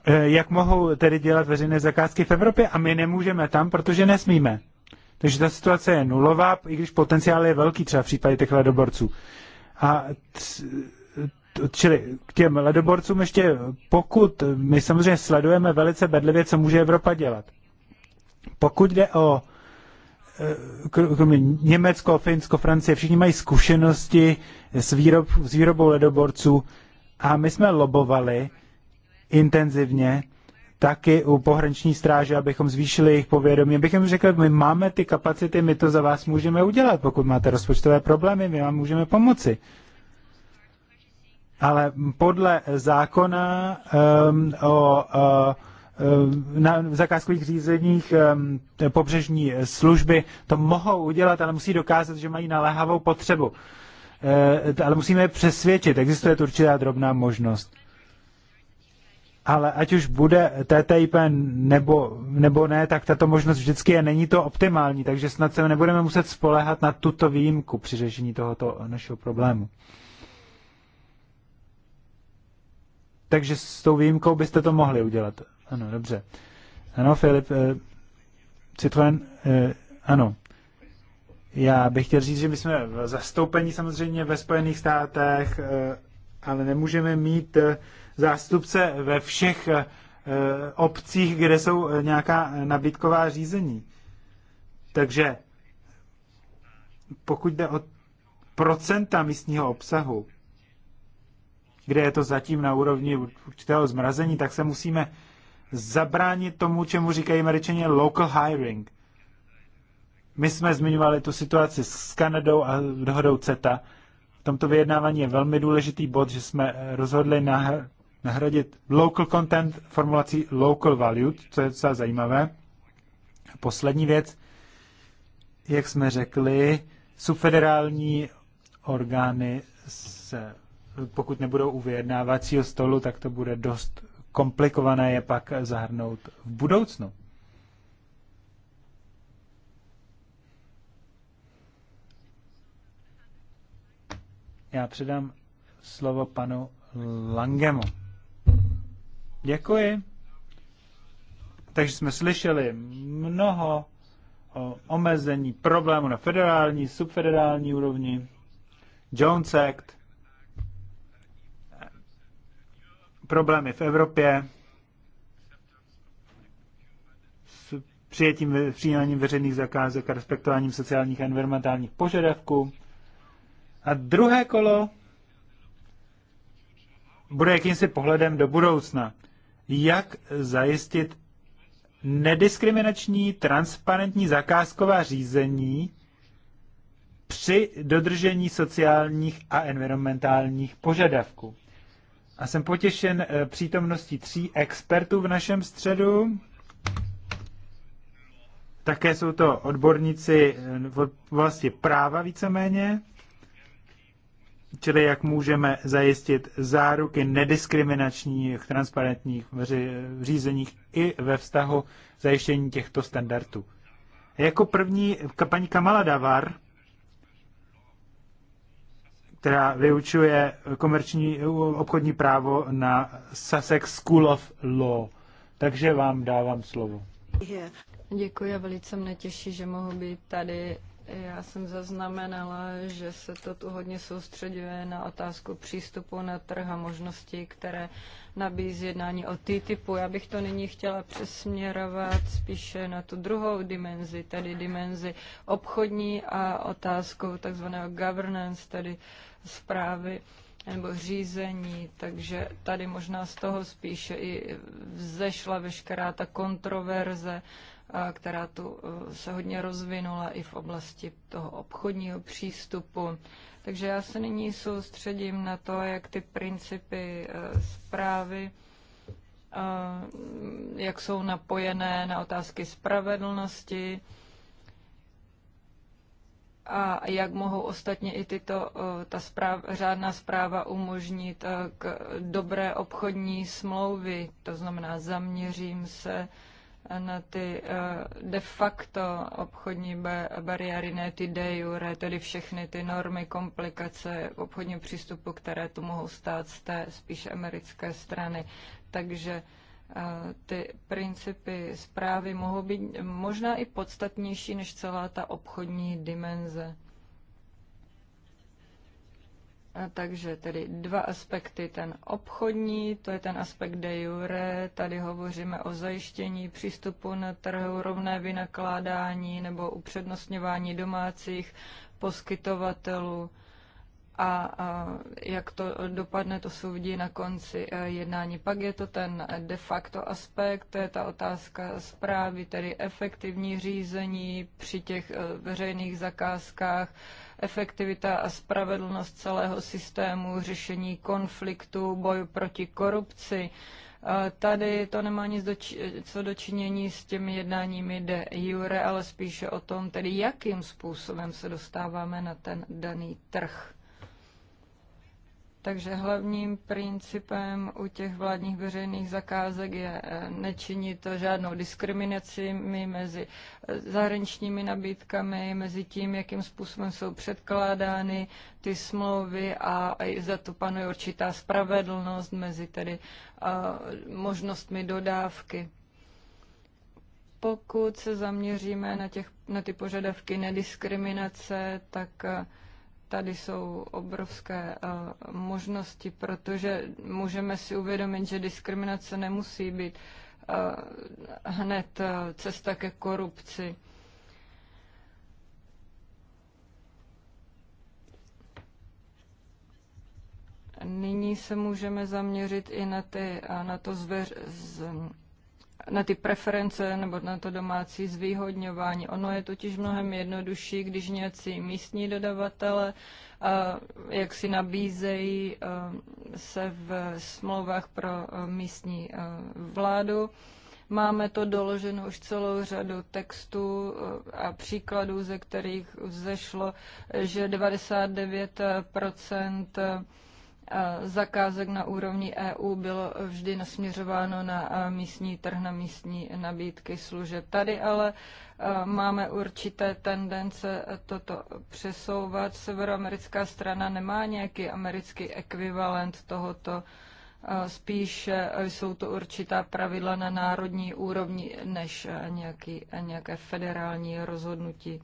Eh, jak mohou tedy dělat veřejné zakázky v Evropě a my nemůžeme tam, protože nesmíme. Takže ta situace je nulová, i když potenciál je velký třeba v případě těch ledoborců. A čili k těm ledoborcům ještě, pokud my samozřejmě sledujeme velice bedlivě, co může Evropa dělat. Pokud jde o eh, kromě Německo, Finsko, Francie, všichni mají zkušenosti s, výrob, s výrobou ledoborců a my jsme lobovali, intenzivně, taky u pohraniční stráže, abychom zvýšili jejich povědomí. Abychom řekli, my máme ty kapacity, my to za vás můžeme udělat. Pokud máte rozpočtové problémy, my vám můžeme pomoci. Ale podle zákona um, o uh, na zakázkových řízeních um, pobřežní služby to mohou udělat, ale musí dokázat, že mají naléhavou potřebu. Uh, ale musíme je přesvědčit. Existuje tu určitá drobná možnost ale ať už bude TTIP nebo, nebo ne, tak tato možnost vždycky je. Není to optimální, takže snad se nebudeme muset spolehat na tuto výjimku při řešení tohoto našeho problému. Takže s tou výjimkou byste to mohli udělat. Ano, dobře. Ano, Filip, eh, Citroen, eh, ano. Já bych chtěl říct, že my jsme v zastoupení samozřejmě ve Spojených státech, eh, ale nemůžeme mít eh, zástupce ve všech eh, eh, obcích, kde jsou eh, nějaká nabídková řízení. Takže pokud jde o procenta místního obsahu, kde je to zatím na úrovni určitého zmrazení, tak se musíme zabránit tomu, čemu říkají američané local hiring. My jsme zmiňovali tu situaci s Kanadou a dohodou CETA. V tomto vyjednávání je velmi důležitý bod, že jsme rozhodli na nahradit local content formulací local value, co je docela zajímavé. Poslední věc, jak jsme řekli, subfederální orgány se, pokud nebudou u vyjednávacího stolu, tak to bude dost komplikované je pak zahrnout v budoucnu. Já předám slovo panu Langemu. Děkuji. Takže jsme slyšeli mnoho o omezení problému na federální, subfederální úrovni, Jones Act, problémy v Evropě, s přijetím, přijímáním veřejných zakázek a respektováním sociálních a environmentálních požadavků. A druhé kolo bude jakýmsi pohledem do budoucna jak zajistit nediskriminační, transparentní zakázková řízení při dodržení sociálních a environmentálních požadavků. A jsem potěšen eh, přítomností tří expertů v našem středu. Také jsou to odborníci eh, v oblasti práva víceméně čili jak můžeme zajistit záruky nediskriminačních, transparentních řízeních i ve vztahu zajištění těchto standardů. Jako první paní Kamala Davar, která vyučuje komerční obchodní právo na Sussex School of Law. Takže vám dávám slovo. Děkuji a velice mne těší, že mohu být tady já jsem zaznamenala, že se to tu hodně soustředuje na otázku přístupu na trh a možnosti, které nabízí jednání o TTIPu. Já bych to nyní chtěla přesměrovat spíše na tu druhou dimenzi, tedy dimenzi obchodní a otázkou takzvaného governance, tedy zprávy nebo řízení, takže tady možná z toho spíše i vzešla veškerá ta kontroverze která tu e, se hodně rozvinula i v oblasti toho obchodního přístupu. Takže já se nyní soustředím na to, jak ty principy e, zprávy e, jak jsou napojené na otázky spravedlnosti a jak mohou ostatně i tyto, ta správ, řádná zpráva umožnit k dobré obchodní smlouvy. To znamená, zaměřím se na ty eh, de facto obchodní bariéry, ne ty de jure, tedy všechny ty normy, komplikace obchodního přístupu, které tu mohou stát z té spíš americké strany. Takže eh, ty principy zprávy mohou být možná i podstatnější než celá ta obchodní dimenze. Takže tedy dva aspekty. Ten obchodní, to je ten aspekt de jure, tady hovoříme o zajištění přístupu na trhu, rovné vynakládání nebo upřednostňování domácích poskytovatelů. A, a jak to dopadne, to soudí na konci e, jednání. Pak je to ten de facto aspekt, to je ta otázka zprávy, tedy efektivní řízení při těch e, veřejných zakázkách, efektivita a spravedlnost celého systému, řešení konfliktu, boju proti korupci. Tady to nemá nic doč- co dočinění s těmi jednáními de jure, ale spíše o tom, tedy jakým způsobem se dostáváme na ten daný trh. Takže hlavním principem u těch vládních veřejných zakázek je eh, nečinit žádnou diskriminaci mezi eh, zahraničními nabídkami, mezi tím, jakým způsobem jsou předkládány ty smlouvy a i za to panuje určitá spravedlnost mezi tedy eh, možnostmi dodávky pokud se zaměříme na, těch, na ty požadavky nediskriminace, tak tady jsou obrovské eh, možnosti, protože můžeme si uvědomit, že diskriminace nemusí být eh, hned eh, cesta ke korupci. Nyní se můžeme zaměřit i na, ty, na to zveř, z, na ty preference nebo na to domácí zvýhodňování. Ono je totiž mnohem jednodušší, když nějací místní dodavatele jak si nabízejí se v smlouvách pro místní vládu. Máme to doloženo už celou řadu textů a příkladů, ze kterých vzešlo, že 99 zakázek na úrovni EU bylo vždy nasměřováno na místní trh, na místní nabídky služeb. Tady ale máme určité tendence toto přesouvat. Severoamerická strana nemá nějaký americký ekvivalent tohoto spíše jsou to určitá pravidla na národní úrovni než nějaký, nějaké federální rozhodnutí.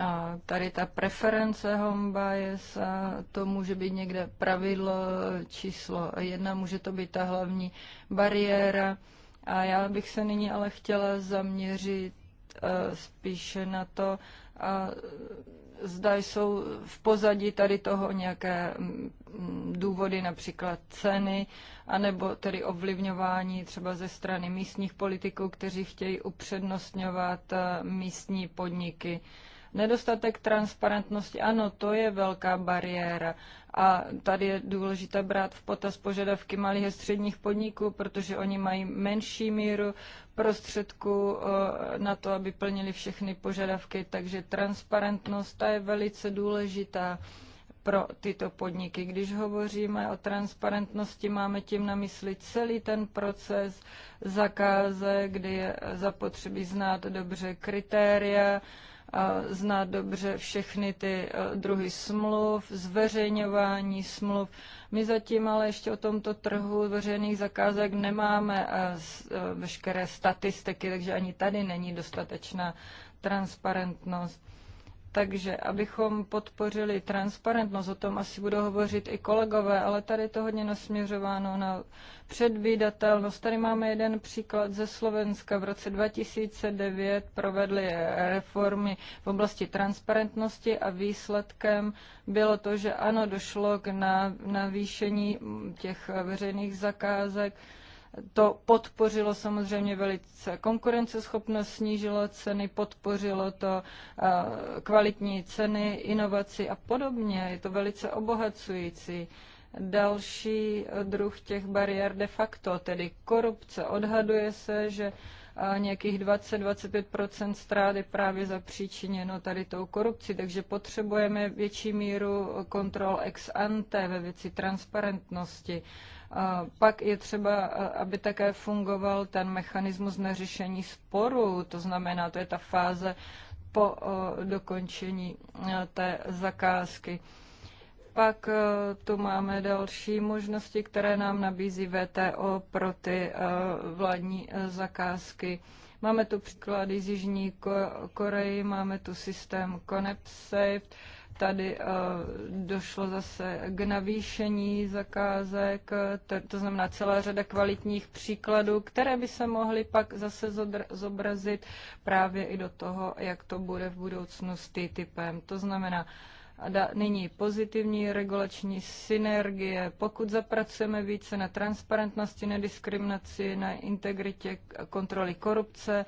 A tady ta preference home bias, to může být někde pravidlo číslo jedna, může to být ta hlavní bariéra. A já bych se nyní ale chtěla zaměřit e, spíše na to, zda jsou v pozadí tady toho nějaké důvody, například ceny, anebo tedy ovlivňování třeba ze strany místních politiků, kteří chtějí upřednostňovat e, místní podniky. Nedostatek transparentnosti, ano, to je velká bariéra. A tady je důležité brát v potaz požadavky malých a středních podniků, protože oni mají menší míru prostředků eh, na to, aby plnili všechny požadavky, takže transparentnost ta je velice důležitá pro tyto podniky. Když hovoříme o transparentnosti, máme tím na mysli celý ten proces zakázek, kdy je zapotřebí znát dobře kritéria, zná dobře všechny ty e, druhy smluv, zveřejňování smluv. My zatím ale ještě o tomto trhu veřejných zakázek nemáme e, e, veškeré statistiky, takže ani tady není dostatečná transparentnost. Takže abychom podpořili transparentnost, o tom asi budou hovořit i kolegové, ale tady to hodně nasměřováno na předvídatelnost. Tady máme jeden příklad ze Slovenska. V roce 2009 provedli reformy v oblasti transparentnosti a výsledkem bylo to, že ano, došlo k navýšení těch veřejných zakázek to podpořilo samozřejmě velice konkurenceschopnost, snížilo ceny, podpořilo to eh, kvalitní ceny, inovaci a podobně. Je to velice obohacující. Další eh, druh těch bariér de facto, tedy korupce. Odhaduje se, že eh, nějakých 20-25 ztrát je právě zapříčiněno tady tou korupcí, takže potřebujeme větší míru kontrol ex ante ve věci transparentnosti pak je třeba, aby také fungoval ten mechanismus neřešení sporu, sporů, to znamená, to je ta fáze po dokončení e, té zakázky. Pak e, tu máme další možnosti, které nám nabízí VTO pro ty e, vládní zakázky. Máme tu příklady z Jižní Koreji, máme tu systém ConnectSafe, Tady eh, došlo zase k navýšení zakázek, to znamená celá řada kvalitních příkladů, které by se mohly pak zase zobrazit právě i do toho, jak to bude v budoucnu s TTIPem. To znamená, nyní pozitivní regulační synergie. Pokud zapracujeme více na transparentnosti, na diskriminaci, na integritě kontroly korupce,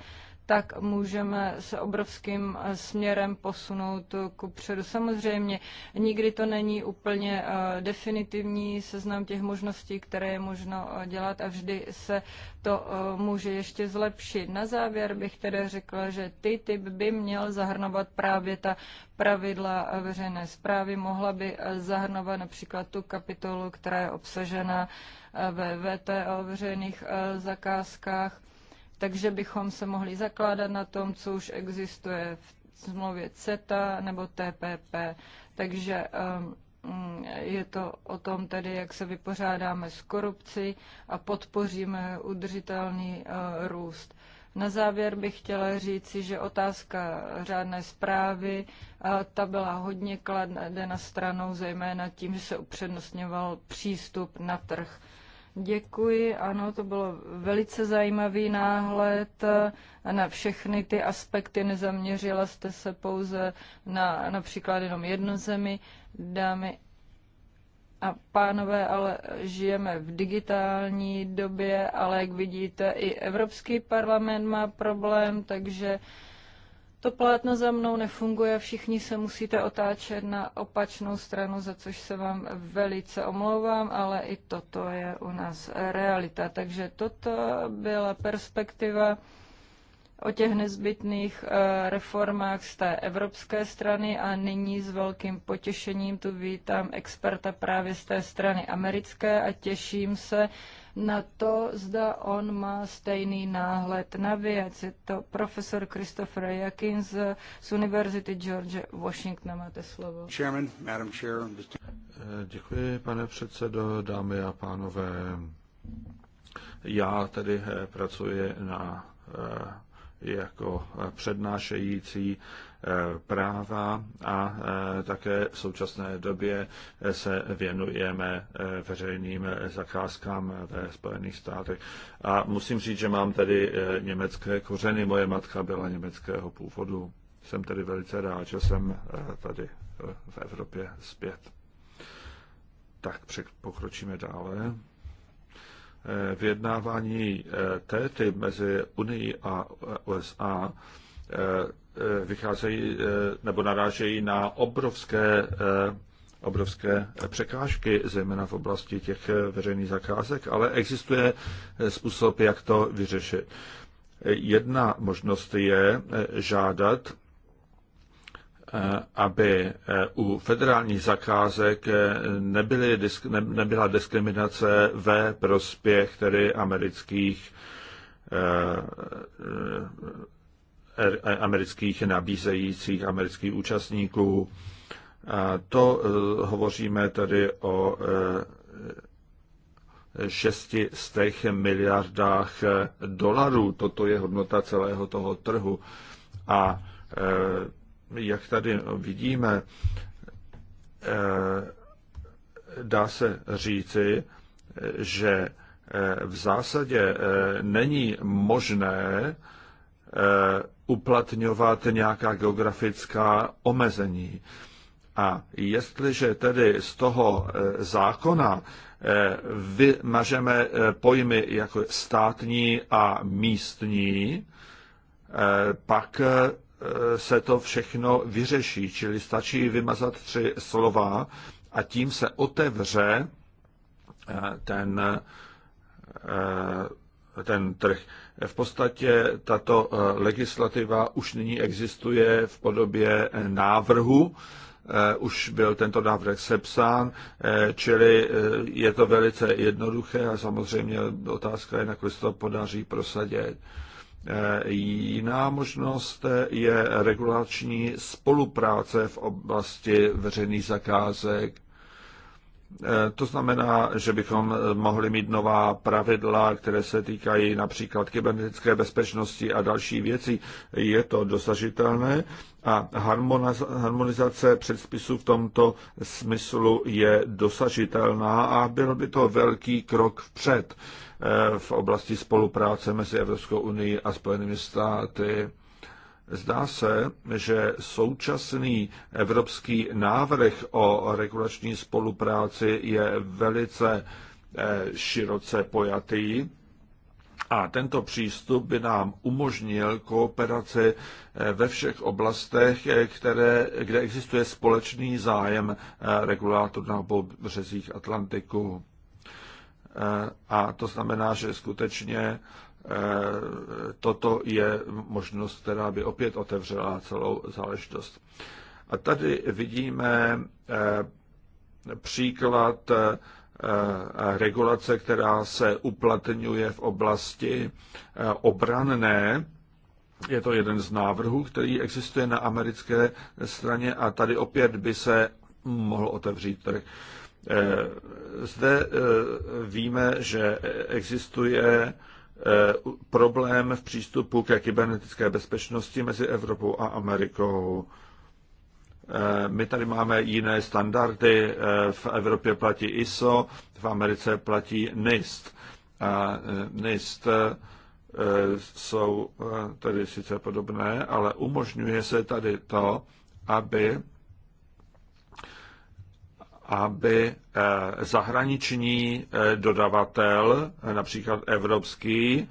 tak můžeme se obrovským eh, směrem posunout eh, ku předu. Samozřejmě nikdy to není úplně eh, definitivní seznam těch možností, které je možno dělat a vždy se to může ještě zlepšit. Na závěr bych tedy řekla, že ty typ by měl zahrnovat právě ta pravidla veřejné zprávy, mohla by zahrnovat například tu kapitolu, která je obsažena ve VTO veřejných zakázkách takže bychom se mohli zakládat na tom, co už existuje v smlouvě CETA nebo TPP. Takže um, mm, je to o tom tedy, jak se vypořádáme s korupcí a podpoříme udržitelný uh, růst. Na závěr bych chtěla říci, že otázka řádné zprávy, ta byla hodně kladena stranou, zejména tím, že se upřednostňoval přístup na trh. Děkuji, ano, to bylo velice zajímavý náhled na všechny ty aspekty. Nezaměřila jste se pouze na například jenom jednu zemi, dámy a pánové, ale žijeme v digitální době, ale jak vidíte, i Evropský parlament má problém, takže to plátno za mnou nefunguje, všichni se musíte otáčet na opačnou stranu, za což se vám velice omlouvám, ale i toto je u nás realita. Takže toto byla perspektiva o těch nezbytných eh, reformách z té evropské strany a nyní s velkým potěšením tu vítám experta právě z té strany americké a těším se na to, zda on má stejný náhled na věc. Je to profesor Christopher Jakins z, z Univerzity George Washington. Máte slovo. Chairman, Madam Chair. Eh, děkuji, pane předsedo, dámy a pánové. Já tedy eh, pracuji na jako přednášející eh, práva a eh, také v současné době se věnujeme eh, veřejným zakázkám ve Spojených státech. A musím říct, že mám tedy německé kořeny. Moje matka byla německého původu. Jsem tedy velice rád, že jsem tady v Evropě zpět. Tak pokročíme dále. Eh, vyjednávání eh, TTIP mezi Unii a USA eh, vycházejí nebo narážejí na obrovské, obrovské překážky, zejména v oblasti těch veřejných zakázek, ale existuje způsob, jak to vyřešit. Jedna možnost je žádat Eh, aby eh, u federálních zakázek eh, nebyly, nebyla diskriminace ve prospěch tedy amerických er, amerických nabízejících, amerických účastníků. A to hovoříme tedy o 600 miliardách dolarů. Toto je hodnota celého toho trhu. A jak tady vidíme, eh, dá se říci, že eh, v zásadě eh, není možné uplatňovat nějaká geografická omezení. A jestliže tedy z toho zákona vymažeme pojmy jako státní a místní, pak E, se to všechno vyřeší, čili stačí vymazat tři slova a tím se otevře e, ten, e, ten trh. V podstatě tato legislativa už nyní existuje v podobě návrhu, už byl tento návrh sepsán, čili je to velice jednoduché a samozřejmě otázka je, nakolik se to podaří prosadit. Jiná možnost je regulační spolupráce v oblasti veřejných zakázek. To znamená, že bychom mohli mít nová pravidla, které se týkají například kybernetické bezpečnosti a další věcí. Je to dosažitelné a harmonizace předpisů v tomto smyslu je dosažitelná a byl by to velký krok vpřed Eh, v oblasti spolupráce mezi Evropskou unii a Spojenými státy. Zdá se, že současný evropský návrh o regulační spolupráci je velice eh, široce pojatý a tento přístup by nám umožnil kooperaci eh, ve všech oblastech, které, kde existuje společný zájem regulátor na obou březích Atlantiku. A to znamená, že skutečně eh, toto je možnost, která by opět otevřela celou záležitost. A tady vidíme eh, příklad eh, regulace, která se uplatňuje v oblasti obranné. Je to jeden z návrhů, který existuje na americké straně a tady opět by se mohl otevřít trh. Eh, zde eh, víme, že existuje eh, problém v přístupu ke kybernetické bezpečnosti mezi Evropou a Amerikou. My tady máme jiné standardy, v Evropě platí ISO, v Americe platí NIST. A NIST jsou tady sice podobné, ale umožňuje se tady to, aby aby eh, zahraniční eh, dodavatel, eh, například evropský,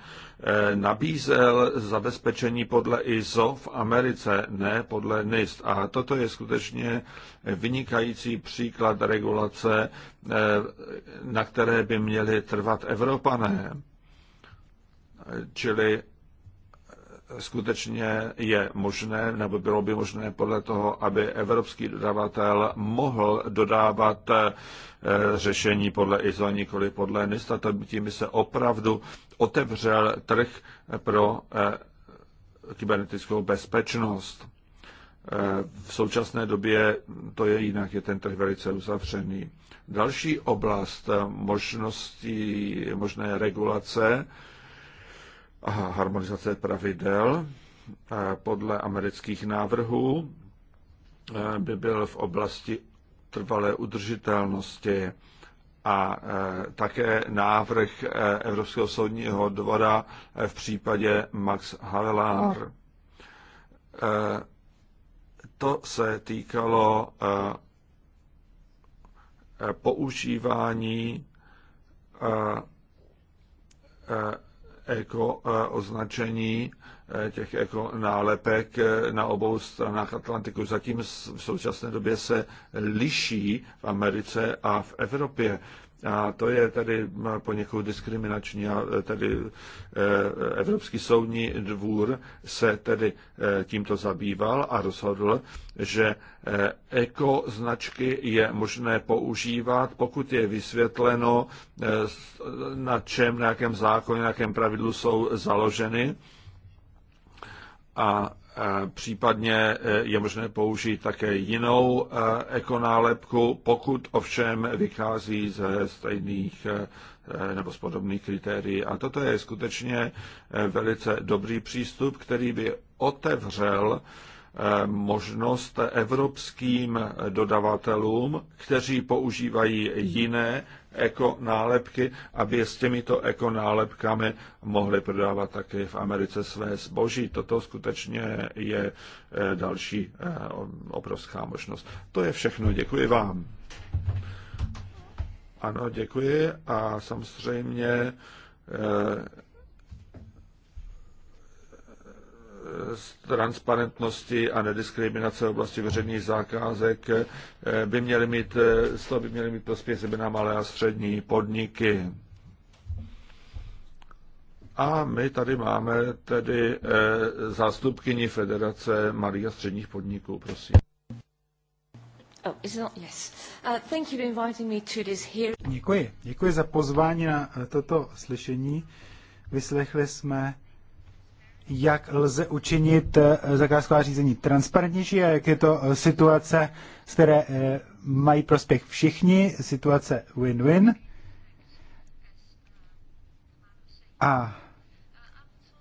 nabízel zabezpečení podle ISO v Americe, ne podle NIST. A toto je skutečně vynikající příklad regulace, na které by měli trvat Evropané. Čili skutečně je možné, nebo bylo by možné podle toho, aby evropský dodavatel mohl dodávat eh, řešení podle ISO, nikoli podle a tím by se opravdu otevřel trh pro eh, kybernetickou bezpečnost. Eh, v současné době to je jinak, je ten trh velice uzavřený. Další oblast možností, možné regulace a harmonizace pravidel podle amerických návrhů by byl v oblasti trvalé udržitelnosti a e, také návrh e, Evropského soudního dvora e, v případě Max Havelar. To se týkalo používání eko eh, označení eh, těch eko nálepek eh, na obou stranách Atlantiku. Zatím v současné době se liší v Americe a v Evropě. A to je tady poněkud diskriminační a e, tedy e, Evropský soudní dvůr se tedy e, tímto zabýval a rozhodl, že eko značky je možné používat, pokud je vysvětleno, na čem, na jakém zákoně, na jakém pravidlu jsou založeny. A Eh, případně eh, je možné použít také jinou eh, ekonálepku, pokud ovšem vychází ze stejných nebo z podobných kritérií. A toto je skutečně velice dobrý přístup, který by otevřel možnost evropským dodavatelům, kteří používají jiné ekonálepky, aby s těmito ekonálepkami mohli prodávat také v Americe své zboží. Toto skutečně je eh, další eh, obrovská možnost. To je všechno. Děkuji vám. Ano, děkuji a samozřejmě eh, Eh, transparentnosti a nediskriminace v oblasti veřejných zakázek eh, by měly mít, eh, z toho by měly mít prospěch zejména malé a střední podniky. A my tady máme tedy zástupkyni Federace malých a středních podniků, prosím. Oh, uh, Děkuji. Děkuji za pozvání na toto slyšení. Vyslechli jsme jak lze učinit eh, zakázková řízení transparentnější a jak je to eh, situace, z které eh, mají prospěch všichni, situace win-win. A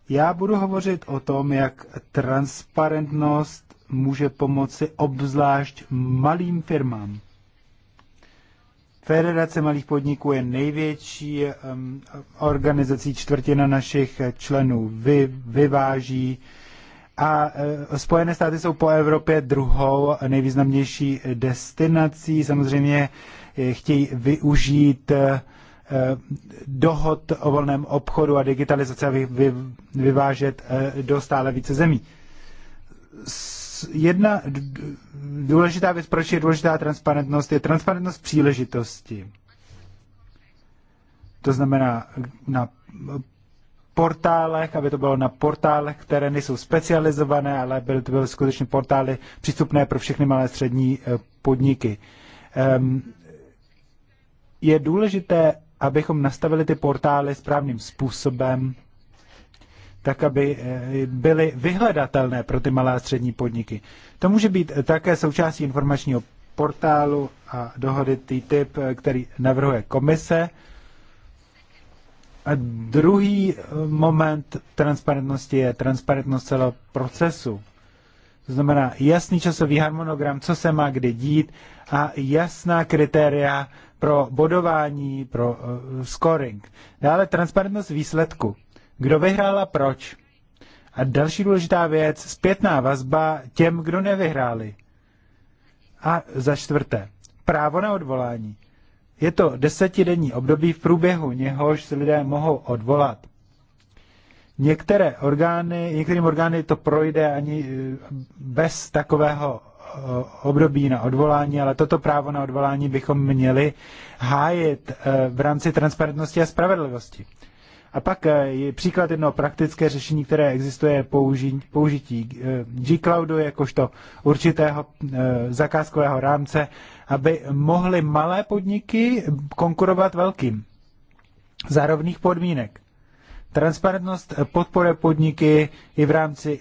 já budu hovořit o tom, jak transparentnost může pomoci obzvlášť malým firmám. Federace malých podniků je největší um, organizací, čtvrtina našich členů vy, vyváží a uh, Spojené státy jsou po Evropě druhou nejvýznamnější destinací. Samozřejmě e, chtějí využít uh, dohod o volném obchodu a digitalizace a vy, vy, vyvážet uh, do stále více zemí. S jedna důležitá věc, proč je důležitá transparentnost, je transparentnost příležitosti. To znamená na portálech, aby to bylo na portálech, které nejsou specializované, ale byly to byly skutečně portály přístupné pro všechny malé střední eh, podniky. Ehm, je důležité, abychom nastavili ty portály správným způsobem, tak aby eh, byly vyhledatelné pro ty malé a střední podniky. To může být také součástí informačního portálu a dohody TTIP, eh, který navrhuje komise. A druhý eh, moment transparentnosti je transparentnost celého procesu. To znamená jasný časový harmonogram, co se má kdy dít a jasná kritéria pro bodování, pro scoring. Dále transparentnost výsledku kdo vyhrál a proč. A další důležitá věc, zpětná vazba těm, kdo nevyhráli. A za čtvrté, právo na odvolání. Je to desetidenní období v průběhu něhož se lidé mohou odvolat. Některé orgány, některým orgány to projde ani eh, bez takového eh, období na odvolání, ale toto právo na odvolání bychom měli hájit eh, v rámci transparentnosti a spravedlivosti. A pak eh, je příklad jedno praktické řešení, které existuje použití, použití eh, G-Cloudu jakožto určitého eh, zakázkového rámce, aby mohly malé podniky konkurovat velkým za rovných podmínek. Transparentnost podporuje podniky i v rámci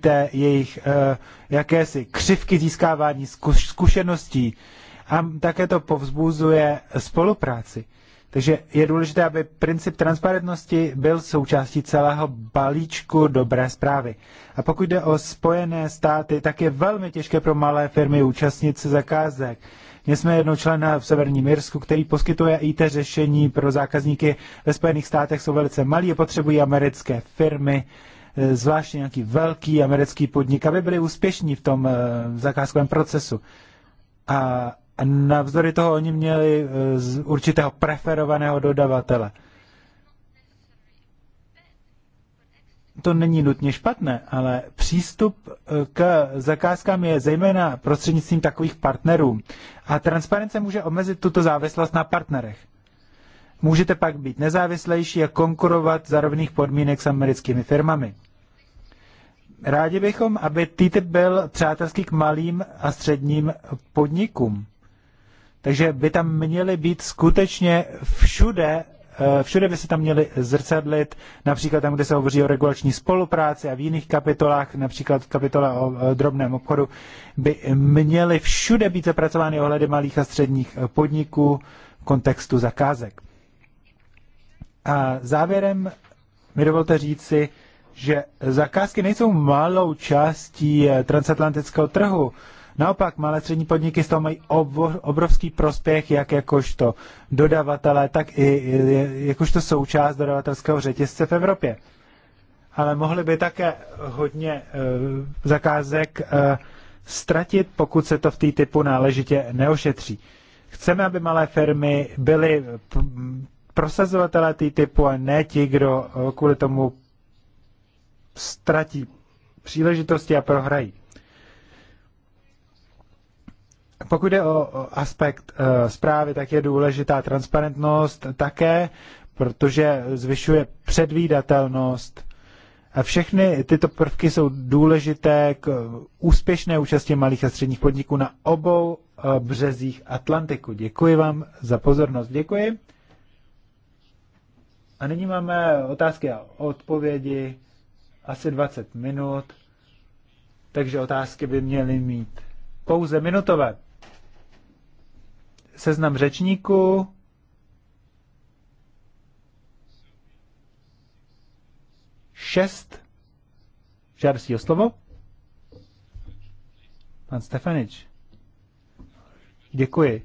té jejich jakési křivky získávání zkušeností a také to povzbuzuje spolupráci. Takže je důležité, aby princip transparentnosti byl součástí celého balíčku dobré zprávy. A pokud jde o Spojené státy, tak je velmi těžké pro malé firmy účastnit se zakázek. My jsme jednou člena v Severním Irsku, který poskytuje IT řešení pro zákazníky ve Spojených státech, jsou velice malí a potřebují americké firmy, eh, zvláště nějaký velký americký podnik, aby byli úspěšní v tom eh, zakázkovém procesu. A a navzdory toho oni měli e, z určitého preferovaného dodavatele. To není nutně špatné, ale přístup e, k zakázkám je zejména prostřednictvím takových partnerů. A transparence může omezit tuto závislost na partnerech. Můžete pak být nezávislejší a konkurovat za rovných podmínek s americkými firmami. Rádi bychom, aby TTIP byl přátelský k malým a středním podnikům. Takže by tam měly být skutečně všude, eh, všude by se tam měly zrcadlit, například tam, kde se hovoří o regulační spolupráci a v jiných kapitolách, například kapitola o eh, drobném obchodu, by měly všude být zapracovány ohledy malých a středních eh, podniků v kontextu zakázek. A závěrem mi dovolte říci, že zakázky nejsou malou částí transatlantického trhu. Naopak, malé střední podniky z toho mají obrovský prospěch, jak jakožto dodavatelé, tak i jakožto součást dodavatelského řetězce v Evropě. Ale mohli by také hodně eh, zakázek eh, ztratit, pokud se to v té typu náležitě neošetří. Chceme, aby malé firmy byly hm, prosazovatelé té typu a ne ti, kdo eh, kvůli tomu ztratí příležitosti a prohrají. Pokud jde o aspekt e, zprávy, tak je důležitá transparentnost také, protože zvyšuje předvídatelnost. A všechny tyto prvky jsou důležité k úspěšné účasti malých a středních podniků na obou e, březích Atlantiku. Děkuji vám za pozornost. Děkuji. A nyní máme otázky a odpovědi. Asi 20 minut. Takže otázky by měly mít pouze minutové seznam řečníků. Šest žádostí o slovo. Pan Stefanič. Děkuji.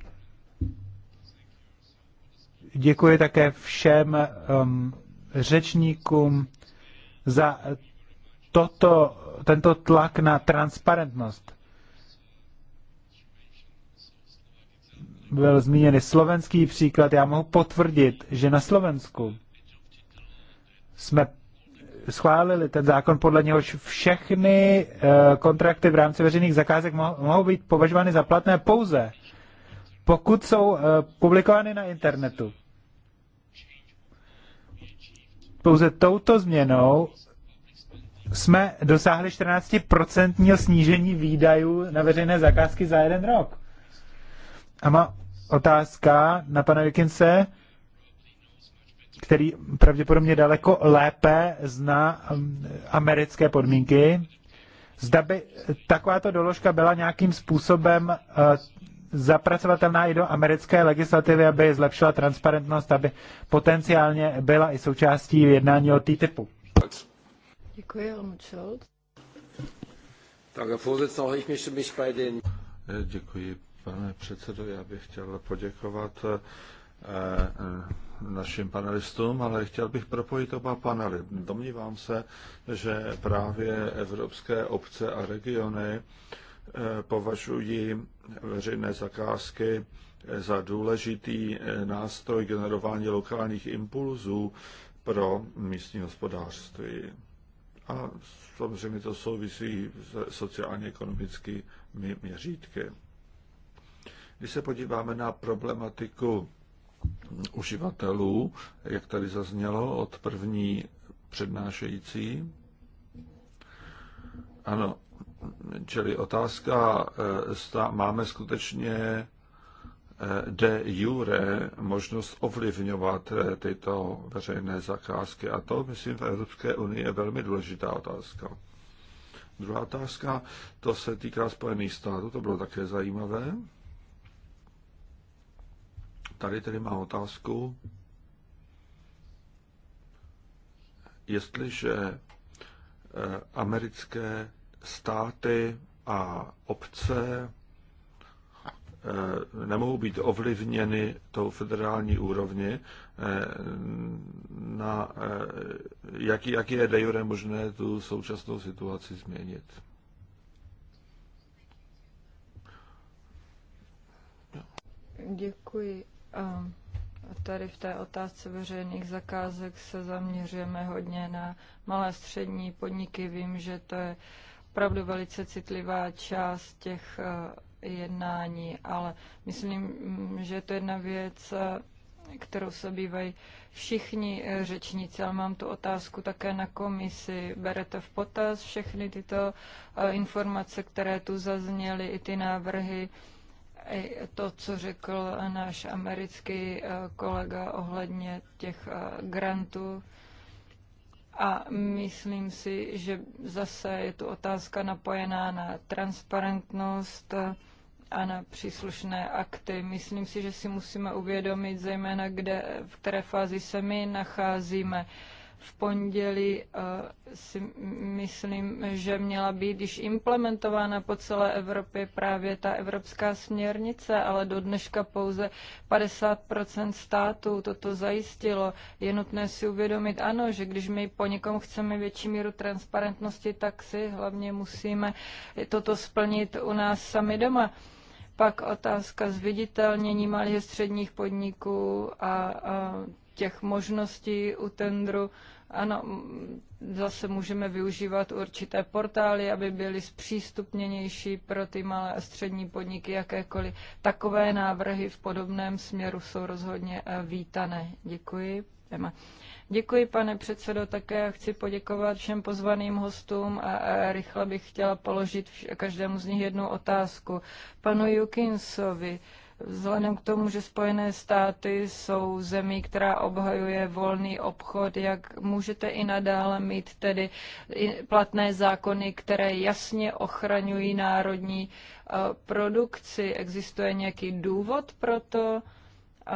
Děkuji také všem um, řečníkům za toto, tento tlak na transparentnost. byl zmíněn slovenský příklad. Já mohu potvrdit, že na Slovensku jsme schválili ten zákon, podle něhož všechny eh, kontrakty v rámci veřejných zakázek mohou být považovány za platné pouze, pokud jsou eh, publikovány na internetu. Pouze touto změnou jsme dosáhli 14% snížení výdajů na veřejné zakázky za jeden rok. A má otázka na pana Vikinse, který pravděpodobně daleko lépe zná um, americké podmínky. Zda by takováto doložka byla nějakým způsobem uh, zapracovatelná i do americké legislativy, aby zlepšila transparentnost, aby potenciálně byla i součástí jednání o TTIPu. Děkuji, Helmut Scholz. Děkuji, pane předsedo, já bych chtěl poděkovat eh, eh, našim panelistům, ale chtěl bych propojit oba panely. Domnívám se, že právě evropské obce a regiony eh, považují veřejné zakázky za důležitý nástroj generování lokálních impulzů pro místní hospodářství. A samozřejmě to souvisí s sociálně-ekonomickými měřítky. Když se podíváme na problematiku uživatelů, jak tady zaznělo od první přednášející, ano, čili otázka, eh, máme skutečně eh, de jure možnost ovlivňovat eh, tyto veřejné zakázky. A to, myslím, v Evropské unii je velmi důležitá otázka. Druhá otázka, to se týká Spojených států, to bylo také zajímavé. Tady tedy má otázku, jestliže eh, americké státy a obce eh, nemohou být ovlivněny tou federální úrovni, eh, na jaký, jaký je de jure možné tu současnou situaci změnit. Děkuji tady v té otázce veřejných zakázek se zaměřujeme hodně na malé střední podniky. Vím, že to je opravdu velice citlivá část těch eh, jednání, ale myslím, že to je jedna věc, eh, kterou se bývají všichni eh, řečníci, ale mám tu otázku také na komisi. Berete v potaz všechny tyto informace, které tu zazněly, i ty návrhy, to, co řekl náš americký eh, kolega ohledně těch eh, grantů. A myslím si, že zase je tu otázka napojená na transparentnost eh, a na příslušné akty. Myslím si, že si musíme uvědomit zejména, kde, v které fázi se my nacházíme. Uh, v pondělí eh, si myslím, že měla být již implementována po celé Evropě právě ta evropská směrnice, ale do dneška pouze 50 států toto zajistilo. Je nutné si uvědomit, ano, že když my po někom chceme větší míru transparentnosti, tak si hlavně musíme toto splnit u nás sami doma. Pak otázka zviditelnění malých středních podniků a, a těch možností u tendru. Ano, zase můžeme využívat určité portály, aby byly zpřístupněnější pro ty malé a střední podniky jakékoliv. Takové návrhy v podobném směru jsou rozhodně eh, vítané. Děkuji. Emma. Děkuji, pane předsedo, také chci poděkovat všem pozvaným hostům a, a rychle bych chtěla položit každému z nich jednu otázku. Panu Jukinsovi, Vzhledem k tomu, že Spojené státy jsou zemí, která obhajuje volný obchod, jak můžete i nadále mít tedy platné zákony, které jasně ochraňují národní eh, produkci? Existuje nějaký důvod pro to? Eh,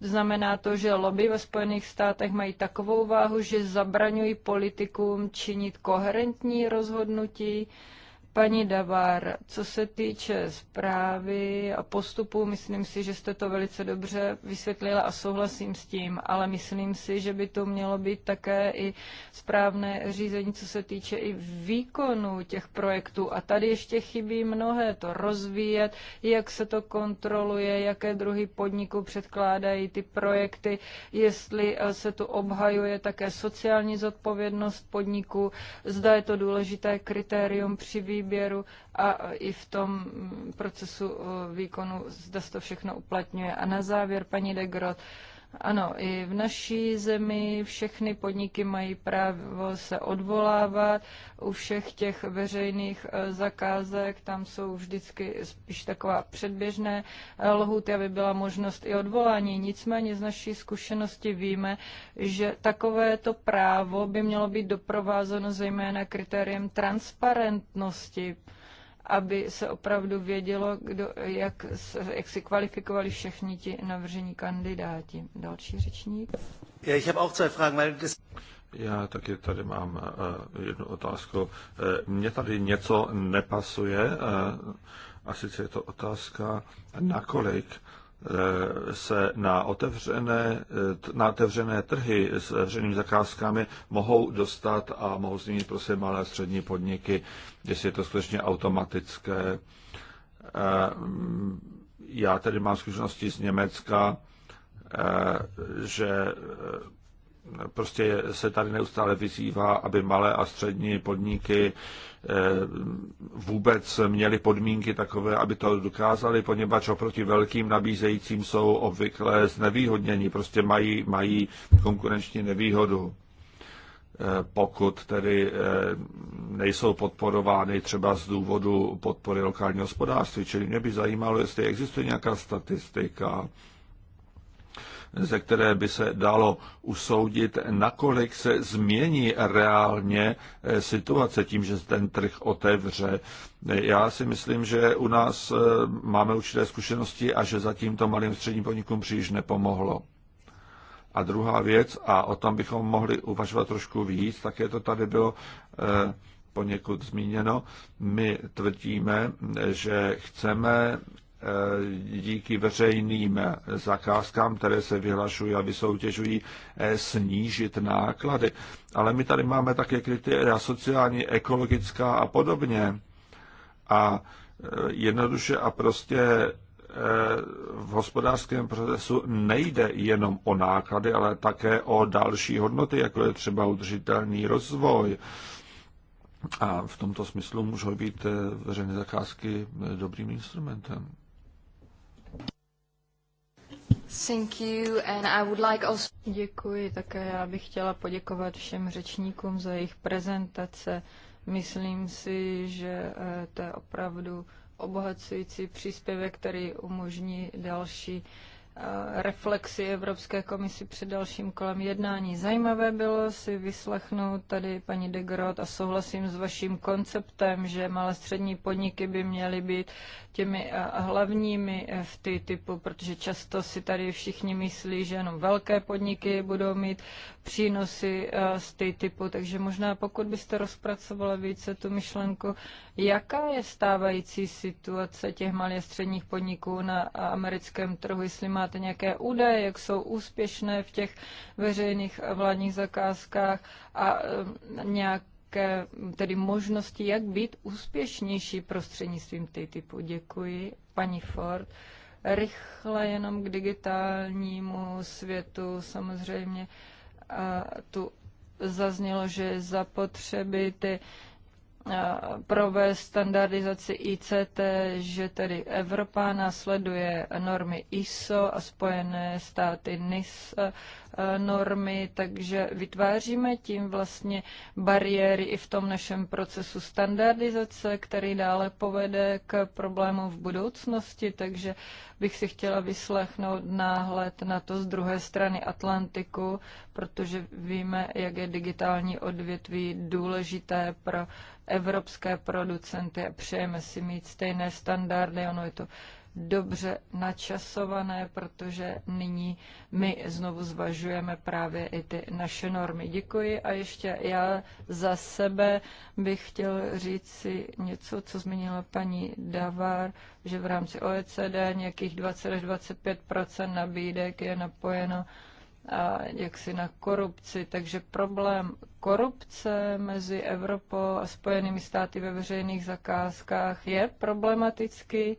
znamená to, že lobby ve Spojených státech mají takovou váhu, že zabraňují politikům činit koherentní rozhodnutí? Paní Davar, co se týče zprávy a postupu, myslím si, že jste to velice dobře vysvětlila a souhlasím s tím, ale myslím si, že by to mělo být také i správné řízení, co se týče i výkonu těch projektů. A tady ještě chybí mnohé to rozvíjet, jak se to kontroluje, jaké druhy podniků předkládají ty projekty, jestli eh, se tu obhajuje také sociální zodpovědnost podniků, zda je to důležité kritérium při výkonu výběru a i v tom procesu eh, výkonu, zda se to všechno uplatňuje. A na závěr, paní de Grot, ano, i v naší zemi všechny podniky mají právo se odvolávat. U všech těch veřejných eh, zakázek tam jsou vždycky spíš taková předběžné eh, lhuty, aby byla možnost i odvolání. Nicméně z naší zkušenosti víme, že takovéto právo by mělo být doprovázeno zejména kritériem transparentnosti aby se opravdu vědělo, kdo, jak, jak si kvalifikovali všichni ti navržení kandidáti. Další řečník. Já taky tady mám eh, jednu otázku. Eh, mně tady něco nepasuje, eh, a sice je to otázka, nakolik Eh, se na otevřené, eh, na otevřené trhy s veřejnými zakázkami mohou dostat a mohou změnit prostě malé a střední podniky, jestli je to skutečně automatické. Eh, já tedy mám zkušenosti z Německa, že prostě se tady neustále vyzývá, aby malé a střední podniky Eh, vůbec měli podmínky takové, aby to dokázali, poněvadž oproti velkým nabízejícím jsou obvykle znevýhodnění, prostě mají, mají konkurenční nevýhodu eh, pokud tedy eh, nejsou podporovány třeba z důvodu podpory lokálního hospodářství. Čili mě by zajímalo, jestli existuje nějaká statistika, ze které by se dalo usoudit, nakolik se změní reálně eh, situace tím, že ten trh otevře. Já si myslím, že u nás eh, máme určité zkušenosti a že zatím to malým středním podnikům příliš nepomohlo. A druhá věc, a o tom bychom mohli uvažovat trošku víc, také to tady bylo eh, poněkud zmíněno, my tvrdíme, že chceme Eh, díky veřejným zakázkám, které se vyhlašují a vysoutěžují, eh, snížit náklady. Ale my tady máme také kritéria sociální, ekologická a podobně. A eh, jednoduše a prostě v hospodářském procesu nejde jenom o náklady, ale také o další hodnoty, jako je třeba udržitelný rozvoj. A v tomto smyslu můžou být veřejné zakázky dobrým instrumentem. Thank you, and I would like also... Děkuji, také já bych chtěla poděkovat všem řečníkům za jejich prezentace. Myslím si, že eh, to je opravdu obohacující příspěvek, který umožní další uh, reflexi Evropské komisi před dalším kolem jednání. Zajímavé bylo si vyslechnout tady paní de Grot a souhlasím s vaším konceptem, že malé střední podniky by měly být těmi hlavními v ty typu, protože často si tady všichni myslí, že jenom velké podniky budou mít přínosy z ty typu, takže možná pokud byste rozpracovala více tu myšlenku, Jaká je stávající situace těch malých středních podniků na americkém trhu? Jestli máte nějaké údaje, jak jsou úspěšné v těch veřejných vládních zakázkách a eh, nějaké tedy možnosti, jak být úspěšnější prostřednictvím typu. Děkuji, paní Ford rychle jenom k digitálnímu světu samozřejmě. A tu zaznělo, že zapotřeby ty provést standardizaci ICT, že tedy Evropa následuje normy ISO a Spojené státy NIS Eh, normy, takže vytváříme tím vlastně bariéry i v tom našem procesu standardizace, který dále povede k problémům v budoucnosti, takže bych si chtěla vyslechnout náhled na to z druhé strany Atlantiku, protože víme, jak je digitální odvětví důležité pro evropské producenty a přejeme si mít stejné standardy. Ono je to dobře načasované, protože nyní my znovu zvažujeme právě i ty naše normy. Děkuji a ještě já za sebe bych chtěl říct si něco, co zmínila paní Davar, že v rámci OECD nějakých 20 až 25 nabídek je napojeno a jaksi na korupci. Takže problém korupce mezi Evropou a Spojenými státy ve veřejných zakázkách je problematický.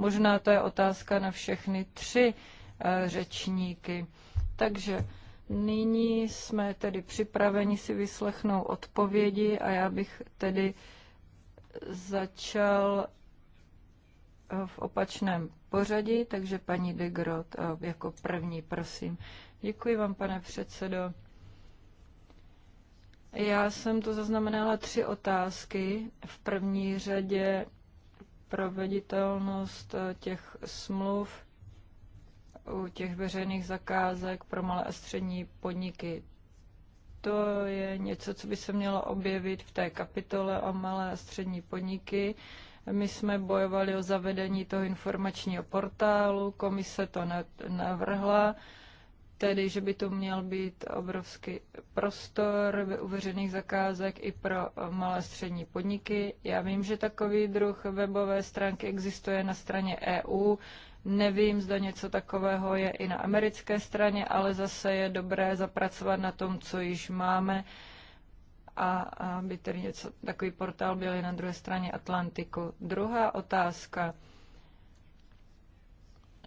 Možná to je otázka na všechny tři eh, řečníky. Takže nyní jsme tedy připraveni si vyslechnout odpovědi a já bych tedy začal eh, v opačném pořadí, takže paní de Grot eh, jako první, prosím. Děkuji vám, pane předsedo. Já jsem to zaznamenala tři otázky. V první řadě proveditelnost eh, těch smluv u těch veřejných zakázek pro malé a střední podniky. To je něco, co by se mělo objevit v té kapitole o malé a střední podniky. My jsme bojovali o zavedení toho informačního portálu, komise to navrhla tedy, že by to měl být obrovský prostor u veřejných zakázek i pro malé střední podniky. Já vím, že takový druh webové stránky existuje na straně EU. Nevím, zda něco takového je i na americké straně, ale zase je dobré zapracovat na tom, co již máme a aby tedy něco, takový portál byl i na druhé straně Atlantiku. Druhá otázka –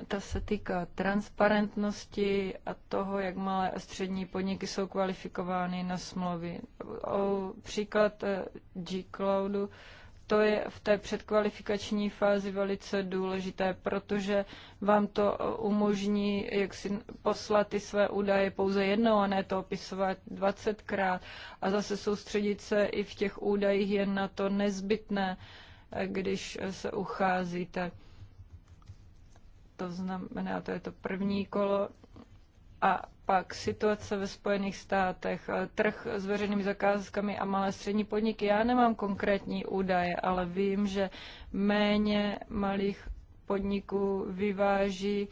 ta se týká transparentnosti a toho, jak malé a střední podniky jsou kvalifikovány na smlouvy. O příklad eh, G-Cloudu, to je v té předkvalifikační fázi velice důležité, protože vám to eh, umožní jak si poslat ty své údaje pouze jednou a ne to opisovat 20krát a zase soustředit se i v těch údajích jen na to nezbytné, eh, když se ucházíte. To znamená, to je to první kolo a pak situace ve Spojených státech, trh s veřejnými zakázkami a malé střední podniky. Já nemám konkrétní údaje, ale vím, že méně malých podniků vyváží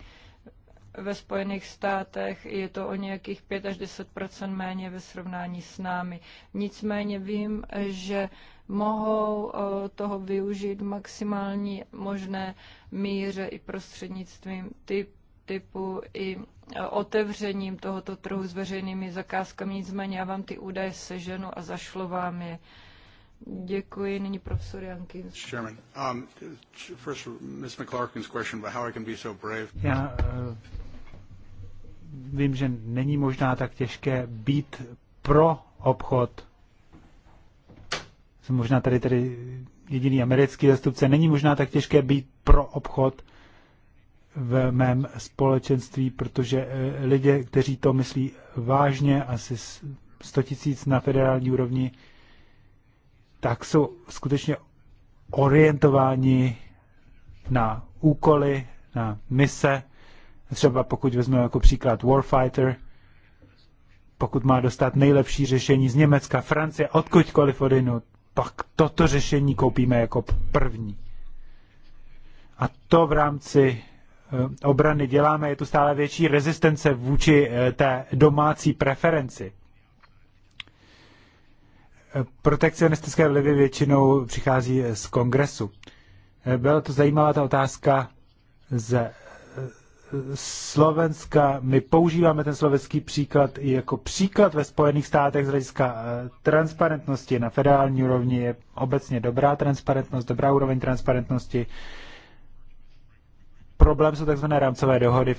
ve Spojených státech je to o nějakých 5 až 10 méně ve srovnání s námi. Nicméně vím, že mohou eh, toho využít v maximální možné míře i prostřednictvím typ, typu i eh, otevřením tohoto trhu s veřejnými zakázkami. Nicméně já vám ty údaje seženu a zašlo vám je. Děkuji. Nyní profesor Jankin. Um, já eh, vím, že není možná tak těžké být pro obchod jsem možná tady, tady jediný americký zastupce, není možná tak těžké být pro obchod v mém společenství, protože eh, lidé, kteří to myslí vážně, asi 100 tisíc na federální úrovni, tak jsou skutečně orientováni na úkoly, na mise. Třeba pokud vezmu jako příklad Warfighter, pokud má dostat nejlepší řešení z Německa, Francie, odkudkoliv odinut, pak toto řešení koupíme jako první. A to v rámci eh, obrany děláme, je tu stále větší rezistence vůči eh, té domácí preferenci. Eh, protekcionistické vlivy většinou přichází z kongresu. Byla to zajímavá ta otázka z Slovenska, my používáme ten slovenský příklad i jako příklad ve Spojených státech z hlediska eh, transparentnosti na federální úrovni je obecně dobrá transparentnost, dobrá úroveň transparentnosti. Problém jsou tzv. rámcové dohody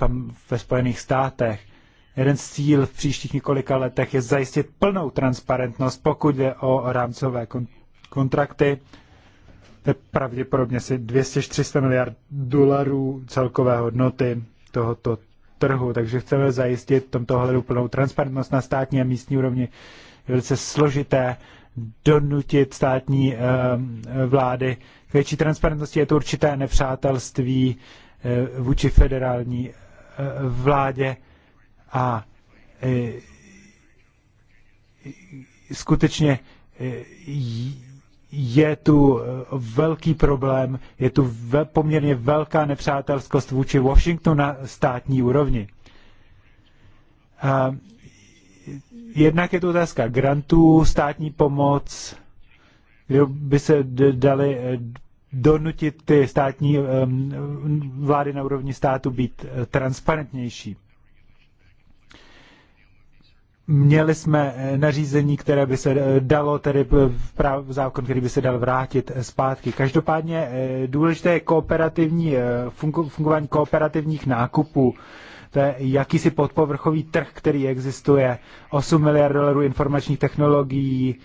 ve Spojených státech. Jeden z cíl v příštích několika letech je zajistit plnou transparentnost, pokud jde o rámcové kon- kontrakty. To je pravděpodobně asi 200-300 miliard dolarů celkové hodnoty tohoto trhu, takže chceme zajistit v tomto hledu plnou transparentnost na státní a místní úrovni. Je velice složité donutit státní eh, vlády k větší transparentnosti. Je to určité nepřátelství eh, vůči federální eh, vládě a skutečně je tu eh, velký problém, je tu ve, poměrně velká nepřátelskost vůči Washingtonu na státní úrovni. A jednak je tu otázka grantů, státní pomoc, kde by se dali eh, donutit ty státní eh, vlády na úrovni státu být transparentnější měli jsme eh, nařízení, které by se eh, dalo, tedy eh, práv, zákon, který by se dal vrátit zpátky. Každopádně důležité je kooperativní, fungu, fungování kooperativních nákupů. To je jakýsi podpovrchový trh, který existuje. 8 miliard dolarů informačních technologií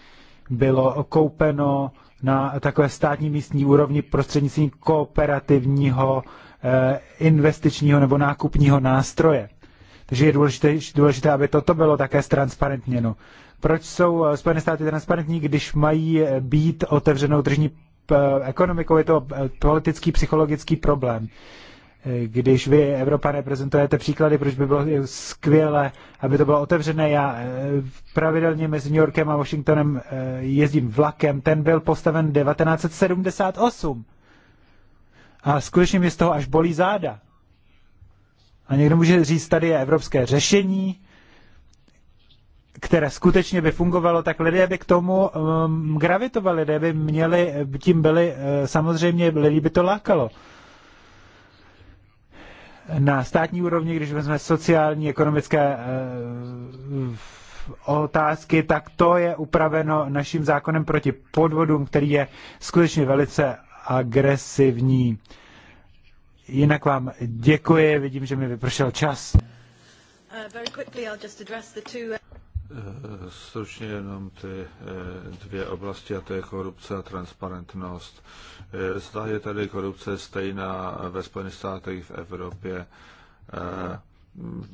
bylo koupeno na takové státní místní úrovni prostřednictvím kooperativního investičního nebo nákupního nástroje. Takže je důležité, důležité aby toto bylo také ztransparentněno. Proč jsou eh, Spojené státy transparentní, když mají eh, být otevřenou tržní eh, ekonomikou? Je to politický, psychologický problém když vy, Evropa, prezentujete příklady, proč by bylo skvělé, aby to bylo otevřené. Já pravidelně mezi New Yorkem a Washingtonem jezdím vlakem. Ten byl postaven 1978. A skutečně mi z toho až bolí záda. A někdo může říct, tady je evropské řešení, které skutečně by fungovalo, tak lidé by k tomu um, gravitovali, lidé by měli, tím byli, uh, samozřejmě lidi by to lákalo. Na státní úrovni, když vezme sociální, ekonomické uh, otázky, tak to je upraveno naším zákonem proti podvodům, který je skutečně velice agresivní. Jinak vám děkuji, vidím, že mi vypršel čas. Uh, eh, stručně jenom ty eh, dvě oblasti, a to je korupce a transparentnost. Eh, zda je tady korupce stejná ve Spojených státech v Evropě.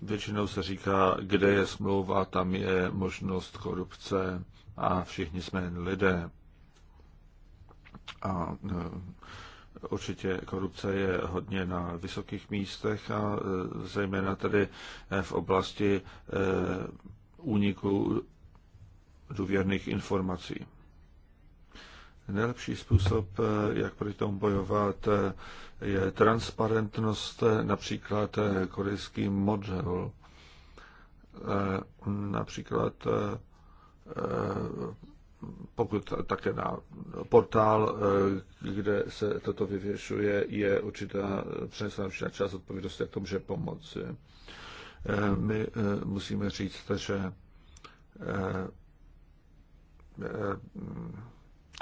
Většinou se říká, kde je smlouva, tam je možnost korupce a všichni jsme jen lidé. A Určitě korupce je hodně na vysokých místech a e, zejména tedy e, v oblasti e, úniku důvěrných informací. Nejlepší způsob, jak proti tomu bojovat, je transparentnost, například korejský model. Například pokud také na portál, eh, kde se toto vyvěšuje, je určitá přenesena určitá část odpovědnosti, jak tomu může pomoci. Eh, my eh, musíme říct, že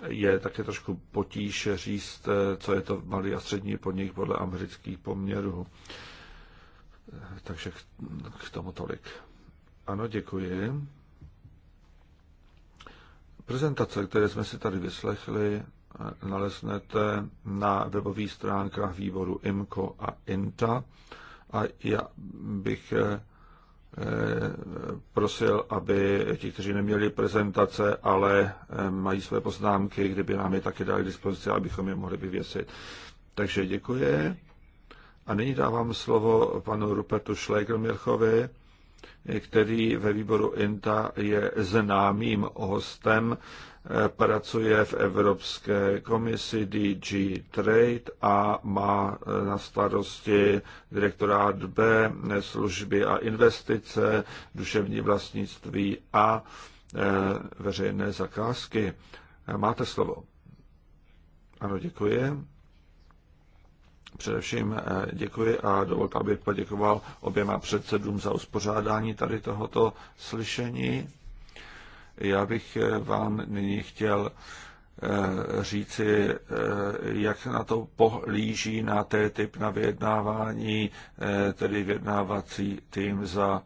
je také trošku potíž říct, co je to malý a střední podnik podle amerických poměrů. Takže k tomu tolik. Ano, děkuji. Prezentace, které jsme si tady vyslechli, naleznete na webových stránkách výboru IMCO a INTA. A já bych eh, prosil, aby ti, kteří neměli prezentace, ale eh, mají své poznámky, kdyby nám je taky dali dispozici, abychom je mohli vyvěsit. Takže děkuji. A nyní dávám slovo panu Rupertu Schlegelmirchovi, který ve výboru INTA je známým hostem, eh, pracuje v Evropské komisi DG Trade a má eh, na starosti direktorát B, eh, služby a investice, duševní vlastnictví a veřejné zakázky. Máte slovo. Ano, děkuji. Především eh, děkuji a dovolte, abych poděkoval oběma předsedům za uspořádání tady tohoto slyšení. Já bych eh, vám nyní chtěl eh, říci, jak na to pohlíží na té typ na vyjednávání, tedy vyjednávací tým za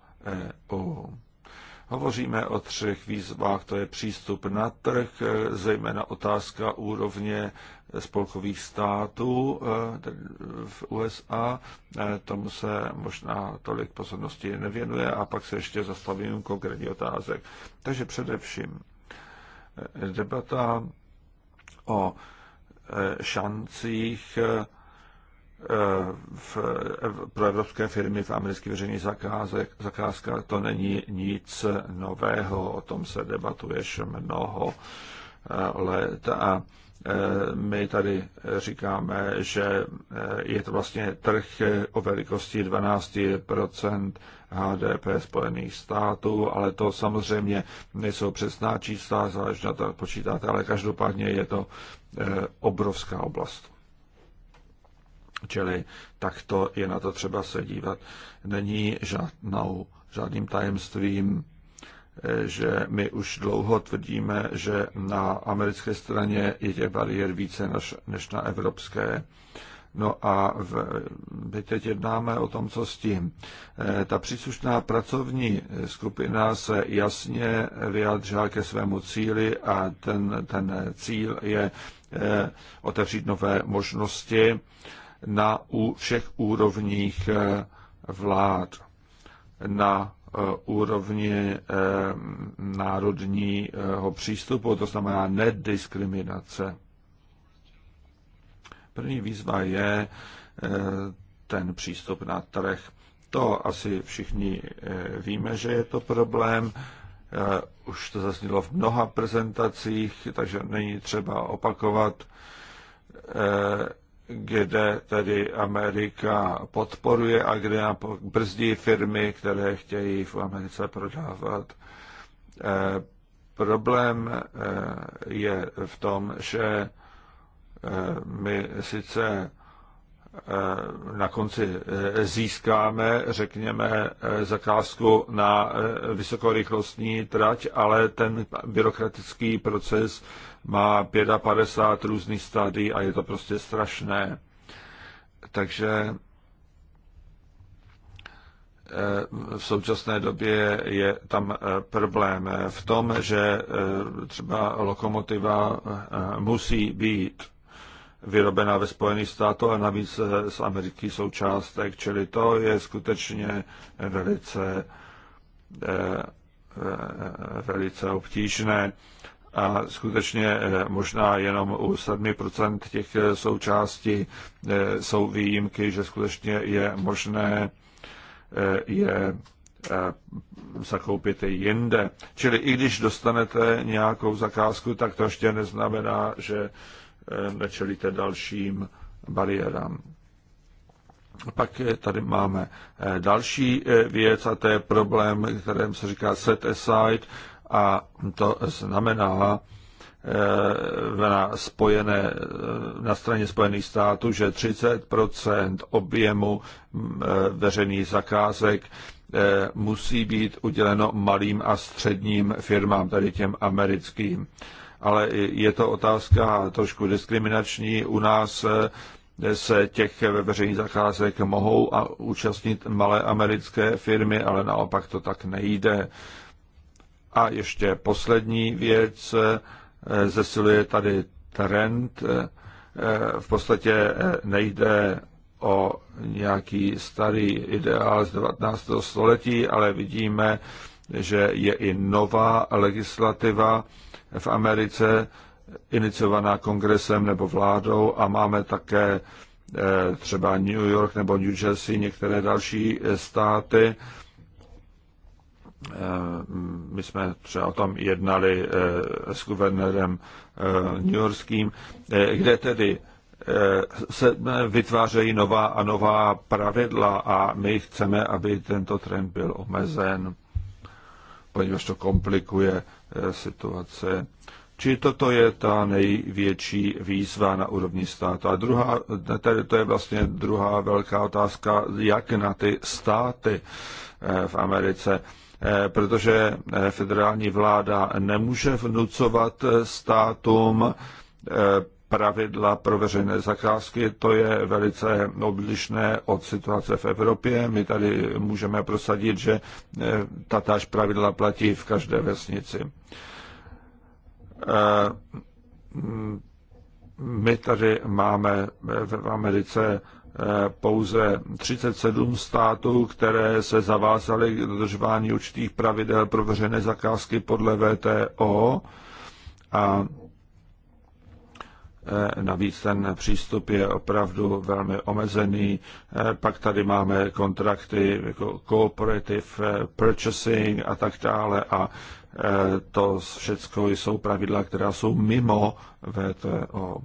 EU. Hovoříme o třech výzvách, to je přístup na trh, zejména otázka úrovně spolkových států eh, v USA. Eh, tomu se možná tolik pozornosti nevěnuje a pak se ještě zastavím konkrétní otázek. Takže především eh, debata o šancích Eh, v, pro evropské firmy v americké veřejné zakázek, to není nic nového, o tom se debatuješ mnoho eh, let a eh, my tady říkáme, že je to vlastně trh o velikosti 12 HDP Spojených států, ale to samozřejmě nejsou přesná čísla, záleží na to, počítáte, ale každopádně je to obrovská oblast. Čili takto je na to třeba se dívat. Není žádnou, žádným tajemstvím, eh, že my už dlouho tvrdíme, že na americké straně je těch bariér více než, než na evropské. No a v, my teď jednáme o tom, co s tím. E, ta příslušná pracovní eh, skupina se jasně vyjádřila ke svému cíli a ten, ten cíl je e, otevřít nové možnosti na u všech úrovních eh, vlád. Na eh, úrovni eh, národního přístupu, to znamená nediskriminace. První výzva je ten přístup na trh. To asi všichni víme, že je to problém. Už to zaznělo v mnoha prezentacích, takže není třeba opakovat kde tedy Amerika podporuje a kde brzdí firmy, které chtějí v Americe prodávat. Eh, problém eh, je v tom, že eh, my sice Eh, na konci eh, získáme, řekněme, eh, zakázku na vysokorychlostní trať, ale ten byrokratický proces má 55 různých stádií a je to prostě strašné. Takže v současné době je tam problém v tom, že třeba lokomotiva musí být vyrobená ve Spojených státech a navíc eh, z Ameriky jsou částek, čili to je skutečně velice, eh, eh, velice obtížné. A skutečně možná jenom u 7% těch součástí jsou výjimky, že skutečně je možné je zakoupit i jinde. Čili i když dostanete nějakou zakázku, tak to ještě neznamená, že Eh, nečelíte dalším bariérám. Pak eh, tady máme eh, další věc a to je problém, kterém se říká set aside a to znamená na, spojené, na straně Spojených států, že 30 objemu mm, veřejných zakázek musí být uděleno malým a středním firmám, tedy těm americkým ale je to otázka trošku diskriminační. U nás eh, se těch veřejných zakázek mohou a účastnit malé americké firmy, ale naopak to tak nejde. A ještě poslední věc, eh, zesiluje tady trend, eh, v podstatě nejde o nějaký starý ideál z 19. století, ale vidíme, že je i nová legislativa, v Americe, iniciovaná kongresem nebo vládou a máme také eh, třeba New York nebo New Jersey, některé další eh, státy. Eh, my jsme třeba o tom jednali s guvernérem New Yorkským, kde tedy se vytvářejí nová a nová pravidla a my chceme, aby tento trend byl omezen, poněvadž to komplikuje Eh, situace. Či toto je ta největší výzva na úrovni státu. A druhá, eh, tady to je vlastně druhá velká otázka, jak na ty státy eh, v Americe protože federální vláda nemůže vnucovat státům pravidla pro veřejné zakázky. To je velice odlišné od situace v Evropě. My tady můžeme prosadit, že eh, tatáž pravidla platí v každé vesnici. Eh, my tady máme eh, v Americe pouze 37 států, které se zavázaly k dodržování určitých pravidel pro veřejné zakázky podle VTO a Eh, navíc ten přístup je opravdu velmi omezený. Eh, pak tady máme kontrakty jako cooperative eh, purchasing a tak dále a to všechno jsou pravidla, která jsou mimo VTO.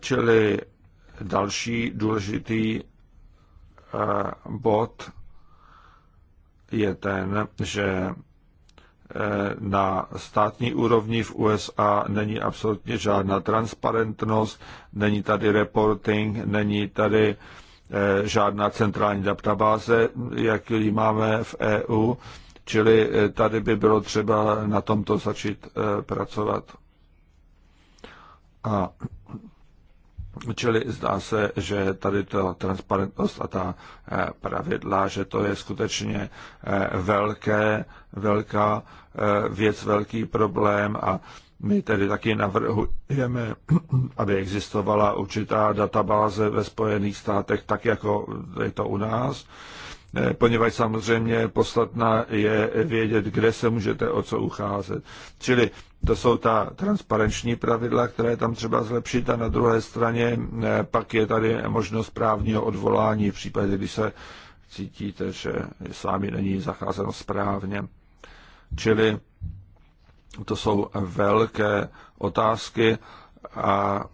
Čili další důležitý bod je ten, že Eh, na státní úrovni v USA není absolutně žádná transparentnost, není tady reporting, není tady eh, žádná centrální databáze, jak ji máme v EU, čili eh, tady by bylo třeba na tomto začít pracovat. A Čili zdá se, že tady ta transparentnost a ta eh, pravidla, že to je skutečně eh, velké, velká eh, věc, velký problém a my tedy taky navrhujeme, (clears throat) aby existovala určitá databáze ve Spojených státech, tak jako je to u nás, poněvadž samozřejmě podstatná je vědět, kde se můžete o co ucházet. Čili to jsou ta transparenční pravidla, které tam třeba zlepšit a na druhé straně pak je tady možnost právního odvolání v případě, kdy se cítíte, že s vámi není zacházeno správně. Čili to jsou velké otázky a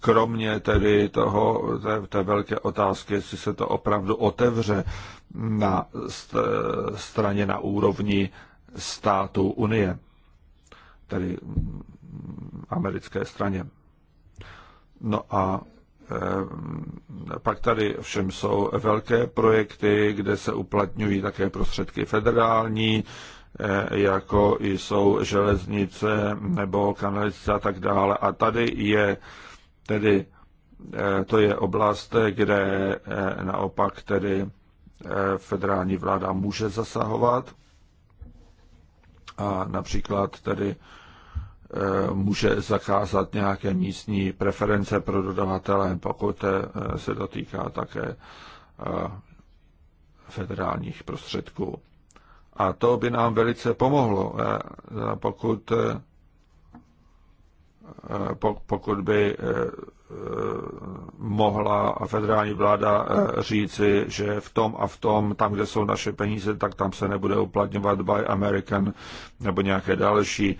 kromě tedy toho, té, té velké otázky, jestli se to opravdu otevře na st, straně na úrovni státu Unie, tedy americké straně. No a eh, pak tady všem jsou velké projekty, kde se uplatňují také prostředky federální, Eh, jako jsou železnice nebo kanalizace a tak dále. A tady je tedy eh, to je oblast, kde eh, naopak tedy federální vláda může zasahovat a například tedy může zakázat nějaké místní preference pro dodavatele, pokud se dotýká také federálních prostředků. A to by nám velice pomohlo, eh, eh, pokud, eh, pokud by mohla federální vláda říci, že v tom a v tom, tam, kde jsou naše peníze, tak tam se nebude uplatňovat by American nebo nějaké další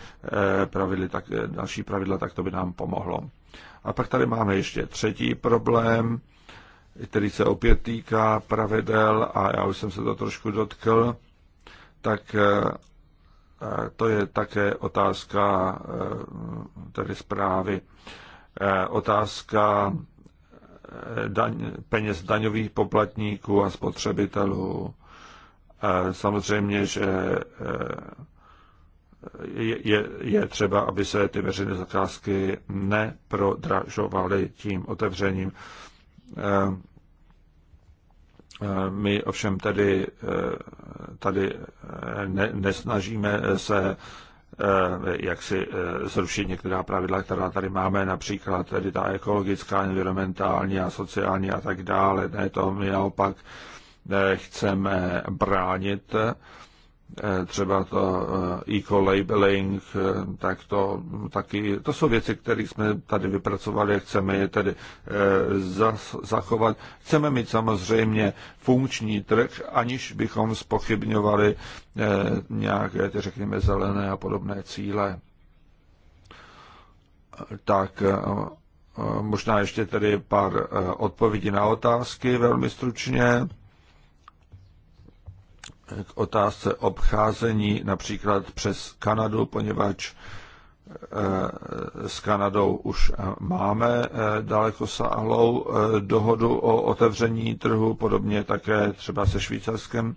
pravidly, tak, další pravidla, tak to by nám pomohlo. A pak tady máme ještě třetí problém, který se opět týká pravidel a já už jsem se to trošku dotkl tak eh, eh, to je také otázka eh, tedy zprávy. Otázka daň, peněz daňových poplatníků a spotřebitelů. Samozřejmě, že je, je třeba, aby se ty veřejné zakázky neprodražovaly tím otevřením. My ovšem tedy eh, tady eh, ne, nesnažíme se eh, jak si zrušit některá pravidla, která tady máme, například tedy ta ekologická, environmentální a sociální a tak dále. Ne, to my naopak chceme bránit Eh, třeba to eh, eco-labeling, eh, tak to taky, to jsou věci, které jsme tady vypracovali, chceme je tedy zachovat. Chceme mít samozřejmě funkční trh, aniž bychom spochybňovali nějaké, ty řekněme, zelené a podobné cíle. Tak možná ještě tedy pár odpovědí na otázky velmi stručně k otázce obcházení například přes Kanadu, poněvadž eh, s Kanadou už máme eh, daleko sáhlou eh, dohodu o otevření trhu, podobně také třeba se Švýcarskem.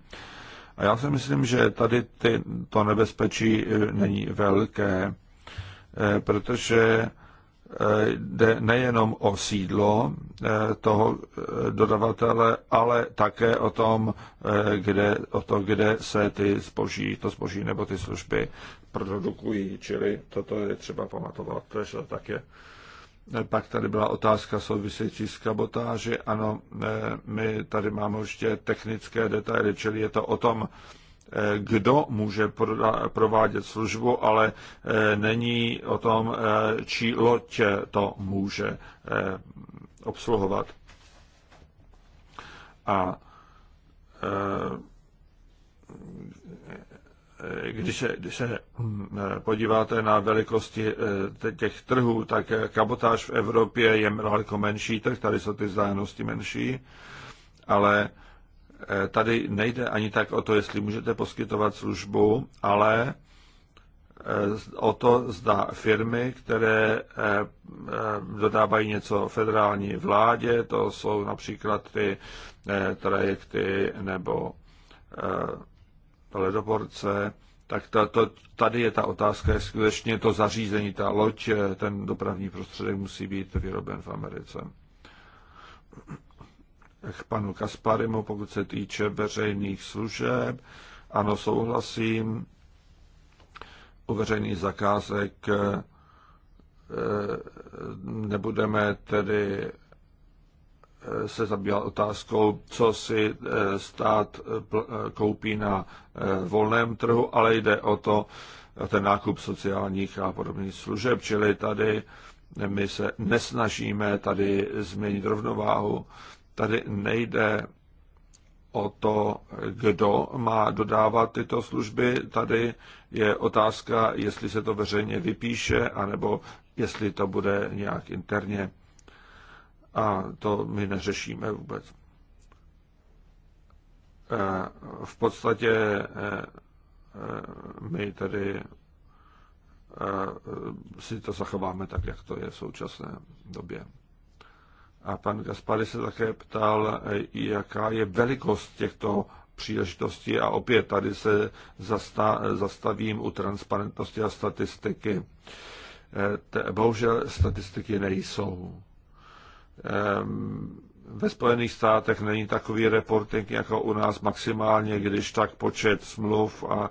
A já si myslím, že tady ty, to nebezpečí není velké, protože jde nejenom o sídlo eh, toho eh, dodavatele, ale také o, tom, eh, kde, o to, kde se ty zboží, to zboží nebo ty služby produkují. Čili toto je třeba pamatovat, protože to také. Pak tady byla otázka související s kabotáži. Ano, my tady máme ještě technické detaily, čili je to o tom, kdo může provádět službu, ale e, není o tom, e, čí loď to může e, obsluhovat. A když se, když se hm, podíváte na velikosti těch trhů, tak kabotáž v Evropě je daleko menší tak tady jsou ty vzdálenosti menší, ale Eh, tady nejde ani tak o to, jestli můžete poskytovat službu, ale eh, o to, zda firmy, které eh, dodávají něco federální vládě, to jsou například ty trajekty nebo ledoborce, tak to, to, tady je ta otázka, je skutečně to zařízení, ta loď, ten dopravní prostředek musí být vyroben v Americe k panu Kasparimu, pokud se týče veřejných služeb. Ano, souhlasím. U veřejných zakázek eh, nebudeme tedy eh, se zabývat otázkou, co si eh, stát koupí na volném trhu, ale jde o to, ten nákup sociálních a podobných služeb, čili tady my se nesnažíme tady změnit rovnováhu. Tady nejde o to, kdo má dodávat tyto služby. Tady je otázka, jestli se to veřejně vypíše, anebo jestli to bude nějak interně. A to my neřešíme vůbec. E, v podstatě e, e, my tady si to zachováme tak, jak to je v současné době. A pan Gaspari se také ptal, jaká je velikost těchto příležitostí a opět tady se zasta- zastavím u transparentnosti a statistiky. Bohužel statistiky nejsou. Ehm, ve Spojených státech není takový reporting jako u nás maximálně, když tak počet smluv, a,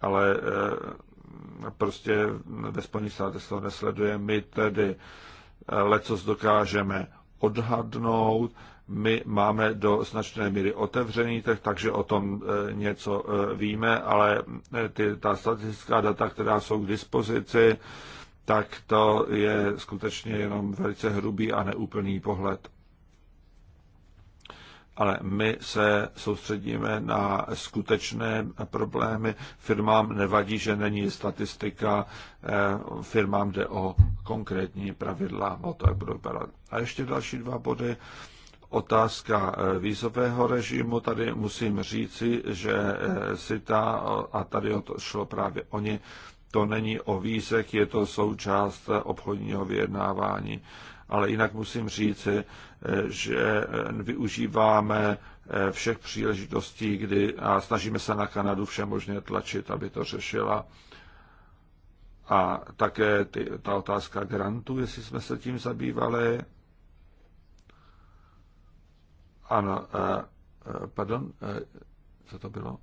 ale ehm, prostě ve Spojených státech se to nesleduje. My tedy eh, leco dokážeme odhadnout. My máme do značné míry otevřený trh, takže o tom e, něco e, víme, ale e, ty, ta statistická data, která jsou k dispozici, tak to je skutečně jenom velice hrubý a neúplný pohled ale my se soustředíme na skutečné problémy. Firmám nevadí, že není statistika, eh, firmám jde o konkrétní pravidla, o to, jak budou vypadat. A ještě další dva body. Otázka eh, vízového režimu, tady musím říci, že eh, si ta a tady o to šlo právě oni, to není o vízech, je to součást obchodního vyjednávání ale jinak musím říci, eh, že eh, využíváme eh, všech příležitostí kdy, a snažíme se na Kanadu vše možně tlačit, aby to řešila. A také ty, ta otázka grantů, jestli jsme se tím zabývali. Ano, pardon, co to bylo?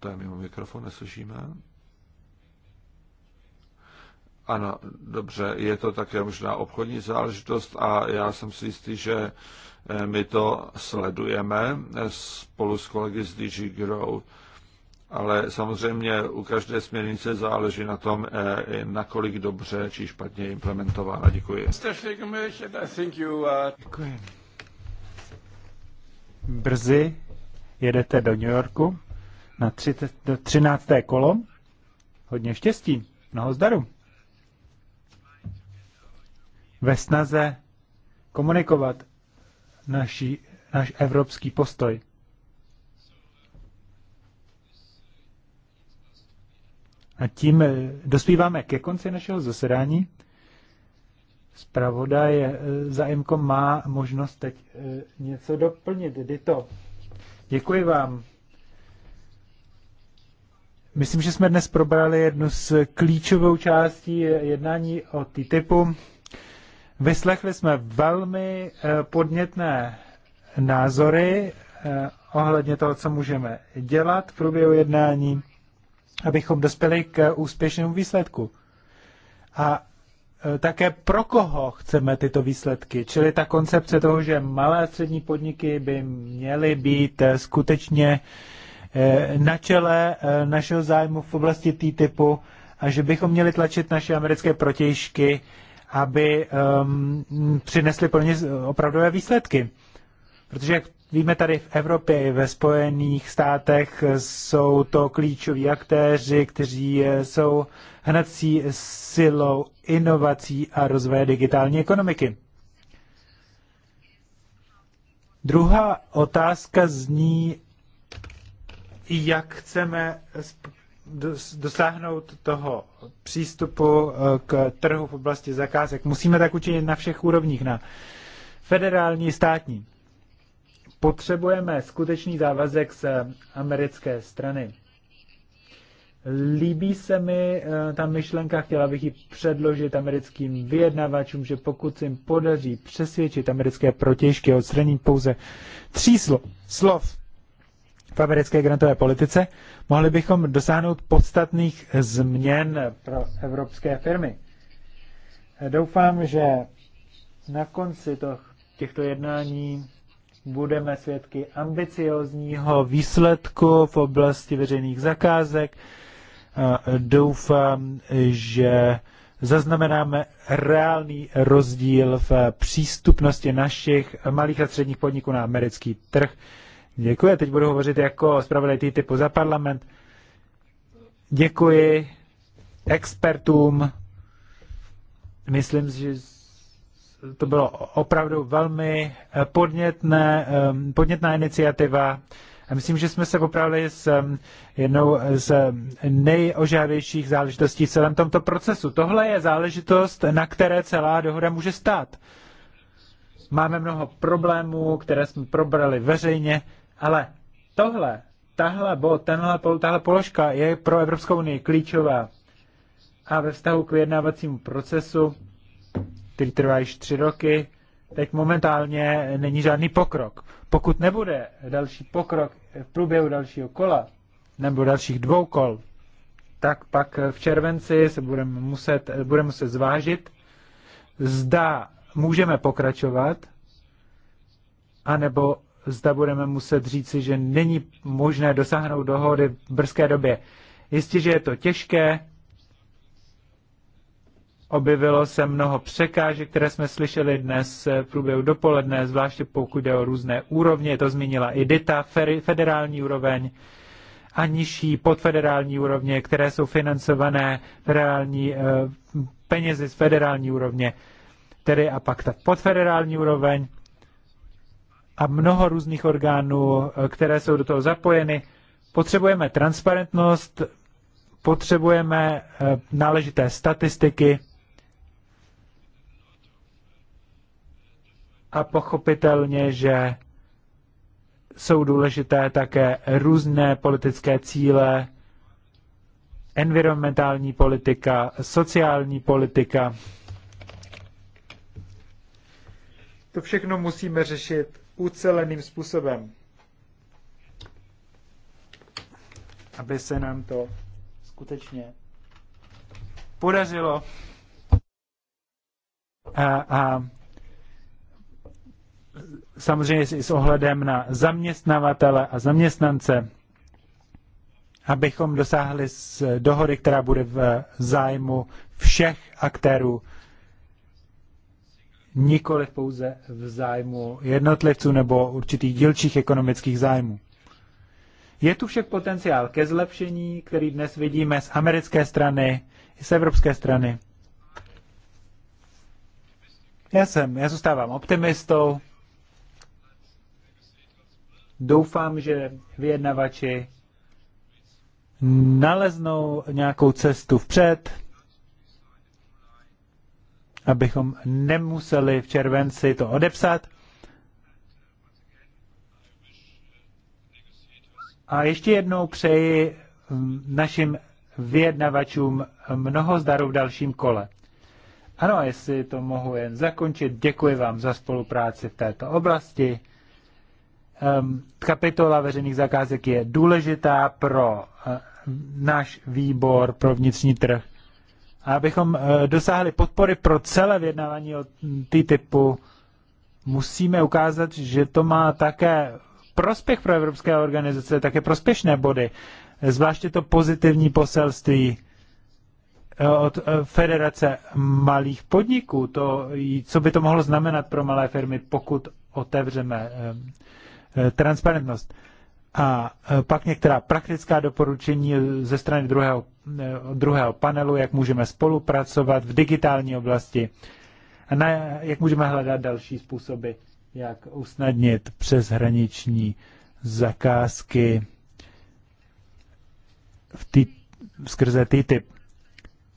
To je mimo mikrofon, neslyšíme. Ano, dobře, je to také možná obchodní záležitost a já jsem si jistý, že eh, my to sledujeme eh, spolu s kolegy z DG Grow, ale samozřejmě u každé směrnice záleží na tom, eh, nakolik dobře či špatně implementována. Děkuji. Uh, Děkuji. Brzy jedete do New Yorku na tři, do 13. kolo. Hodně štěstí. Mnoho zdaru ve snaze komunikovat naši, naš evropský postoj. A tím eh, dospíváme ke konci našeho zasedání. Spravodaj eh, za IMKO má možnost teď eh, něco doplnit. Dito, děkuji vám. Myslím, že jsme dnes probrali jednu z klíčovou částí jednání o TTIPu. Vyslechli jsme velmi eh, podnětné názory eh, ohledně toho, co můžeme dělat v průběhu jednání, abychom dospěli k úspěšnému výsledku. A eh, také pro koho chceme tyto výsledky. Čili ta koncepce toho, že malé a střední podniky by měly být skutečně na čele našeho zájmu v oblasti T-typu a že bychom měli tlačit naše americké protějšky aby um, ehm, přinesly plně opravdové výsledky. Protože jak víme tady v Evropě i ve Spojených státech jsou to klíčoví aktéři, kteří eh, jsou hnací silou inovací a rozvoje digitální ekonomiky. Druhá otázka zní, jak chceme dosáhnout toho přístupu eh, k trhu v oblasti zakázek. Musíme tak učinit na všech úrovních, na federální, státní. Potřebujeme skutečný závazek z americké strany. Líbí se mi eh, ta myšlenka, chtěla bych ji předložit americkým vyjednavačům, že pokud se jim podaří přesvědčit americké protěžky o odstranění pouze tří slo- slov v americké grantové politice, mohli bychom dosáhnout podstatných změn pro evropské firmy. Doufám, že na konci to, těchto jednání budeme svědky ambiciozního výsledku v oblasti veřejných zakázek. Doufám, že zaznamenáme reálný rozdíl v přístupnosti našich malých a středních podniků na americký trh. Děkuji, teď budu hovořit jako zpravodaj typu za parlament. Děkuji expertům. Myslím, že to bylo opravdu velmi eh, podnětné, eh, podnětná iniciativa. A myslím, že jsme se popravili s eh, jednou z nejožávějších záležitostí v celém tomto procesu. Tohle je záležitost, na které celá dohoda může stát. Máme mnoho problémů, které jsme probrali veřejně ale tohle, tahle, bo, tenhle, tahle položka je pro Evropskou unii klíčová. A ve vztahu k vyjednávacímu procesu, který trvá již tři roky, teď momentálně není žádný pokrok. Pokud nebude další pokrok v průběhu dalšího kola, nebo dalších dvou kol, tak pak v červenci se budeme muset, budeme muset zvážit, zda můžeme pokračovat, anebo zda budeme muset říci, že není možné dosáhnout dohody v brzké době. Jistě, že je to těžké, objevilo se mnoho překážek, které jsme slyšeli dnes eh, v průběhu dopoledne, zvláště pokud jde o různé úrovně, to zmínila i DITA, federální úroveň a nižší podfederální úrovně, které jsou financované federální, eh, penězi z federální úrovně, tedy a pak ta podfederální úroveň, a mnoho různých orgánů, eh, které jsou do toho zapojeny. Potřebujeme transparentnost, potřebujeme eh, náležité statistiky a pochopitelně, že jsou důležité také různé politické cíle, environmentální politika, sociální politika. To všechno musíme řešit uceleným způsobem, aby se nám to skutečně podařilo. A, a samozřejmě i s ohledem na zaměstnavatele a zaměstnance, abychom dosáhli z dohody, která bude v zájmu všech aktérů nikoli pouze v zájmu jednotlivců nebo určitých dílčích ekonomických zájmů. Je tu však potenciál ke zlepšení, který dnes vidíme z americké strany i z evropské strany. Já jsem, já zůstávám optimistou. Doufám, že vyjednavači naleznou nějakou cestu vpřed, abychom nemuseli v červenci to odepsat. A ještě jednou přeji mm, našim vyjednavačům mnoho zdaru v dalším kole. Ano, a jestli to mohu jen zakončit, děkuji vám za spolupráci v této oblasti. Ehm, kapitola veřejných zakázek je důležitá pro eh, náš výbor pro vnitřní trh a abychom eh, dosáhli podpory pro celé vyjednávání o typu, musíme ukázat, že to má také prospěch pro evropské organizace, také prospěšné body. Zvláště to pozitivní poselství eh, od eh, Federace malých podniků, to, co by to mohlo znamenat pro malé firmy, pokud otevřeme transparentnost. A e, pak některá praktická doporučení ze strany druhého, e, druhého panelu, jak můžeme spolupracovat v digitální oblasti a na, jak můžeme hledat další způsoby, jak usnadnit přeshraniční zakázky v tý, skrze TTIP.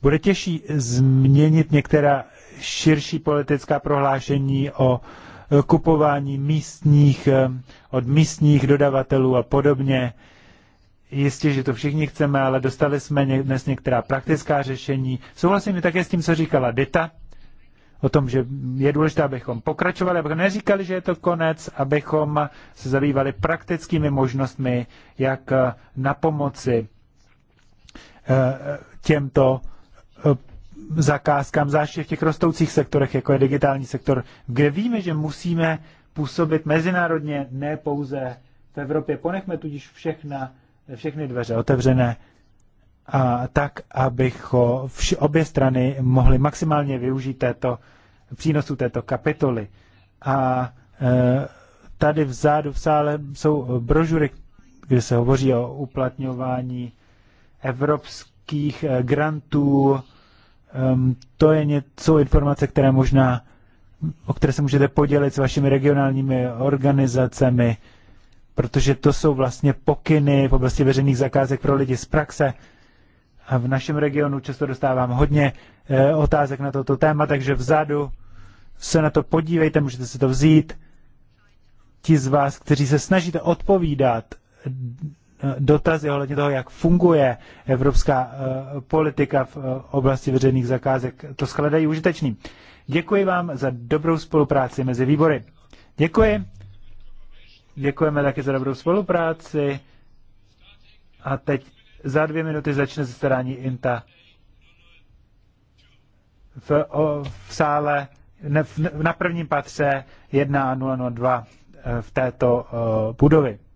Bude těžší změnit některá širší politická prohlášení o uh, kupování místních, eh, od místních dodavatelů a podobně. Jistě, že to všichni chceme, ale dostali jsme dnes některá praktická řešení. Souhlasím i také s tím, co říkala Dita, o tom, že je důležité, abychom pokračovali, abychom neříkali, že je to konec, abychom se zabývali praktickými možnostmi, jak eh, na pomoci eh, těmto zakázkám, zvláště v těch rostoucích sektorech, jako je digitální sektor, kde víme, že musíme působit mezinárodně, ne pouze v Evropě. Ponechme tudíž všechna, všechny dveře otevřené a tak, abychom obě strany mohly maximálně využít této, přínosu této kapitoly. A e, tady vzadu v sále jsou brožury, kde se hovoří o uplatňování evropských e, grantů Um, to je něco, informace, které možná, o které se můžete podělit s vašimi regionálními organizacemi, protože to jsou vlastně pokyny v oblasti veřejných zakázek pro lidi z praxe. A v našem regionu často dostávám hodně e, otázek na toto téma, takže vzadu se na to podívejte, můžete si to vzít. Ti z vás, kteří se snažíte odpovídat Eh, dotazy ohledně toho, jak funguje evropská eh, politika v eh, oblasti veřejných zakázek, to shledají užitečným. Děkuji vám za dobrou spolupráci mezi výbory. Děkuji. Děkujeme také za dobrou spolupráci. A teď za dvě minuty začne zasedání INTA v, o, v sále ne, na prvním patře 1002 v této uh, budovy.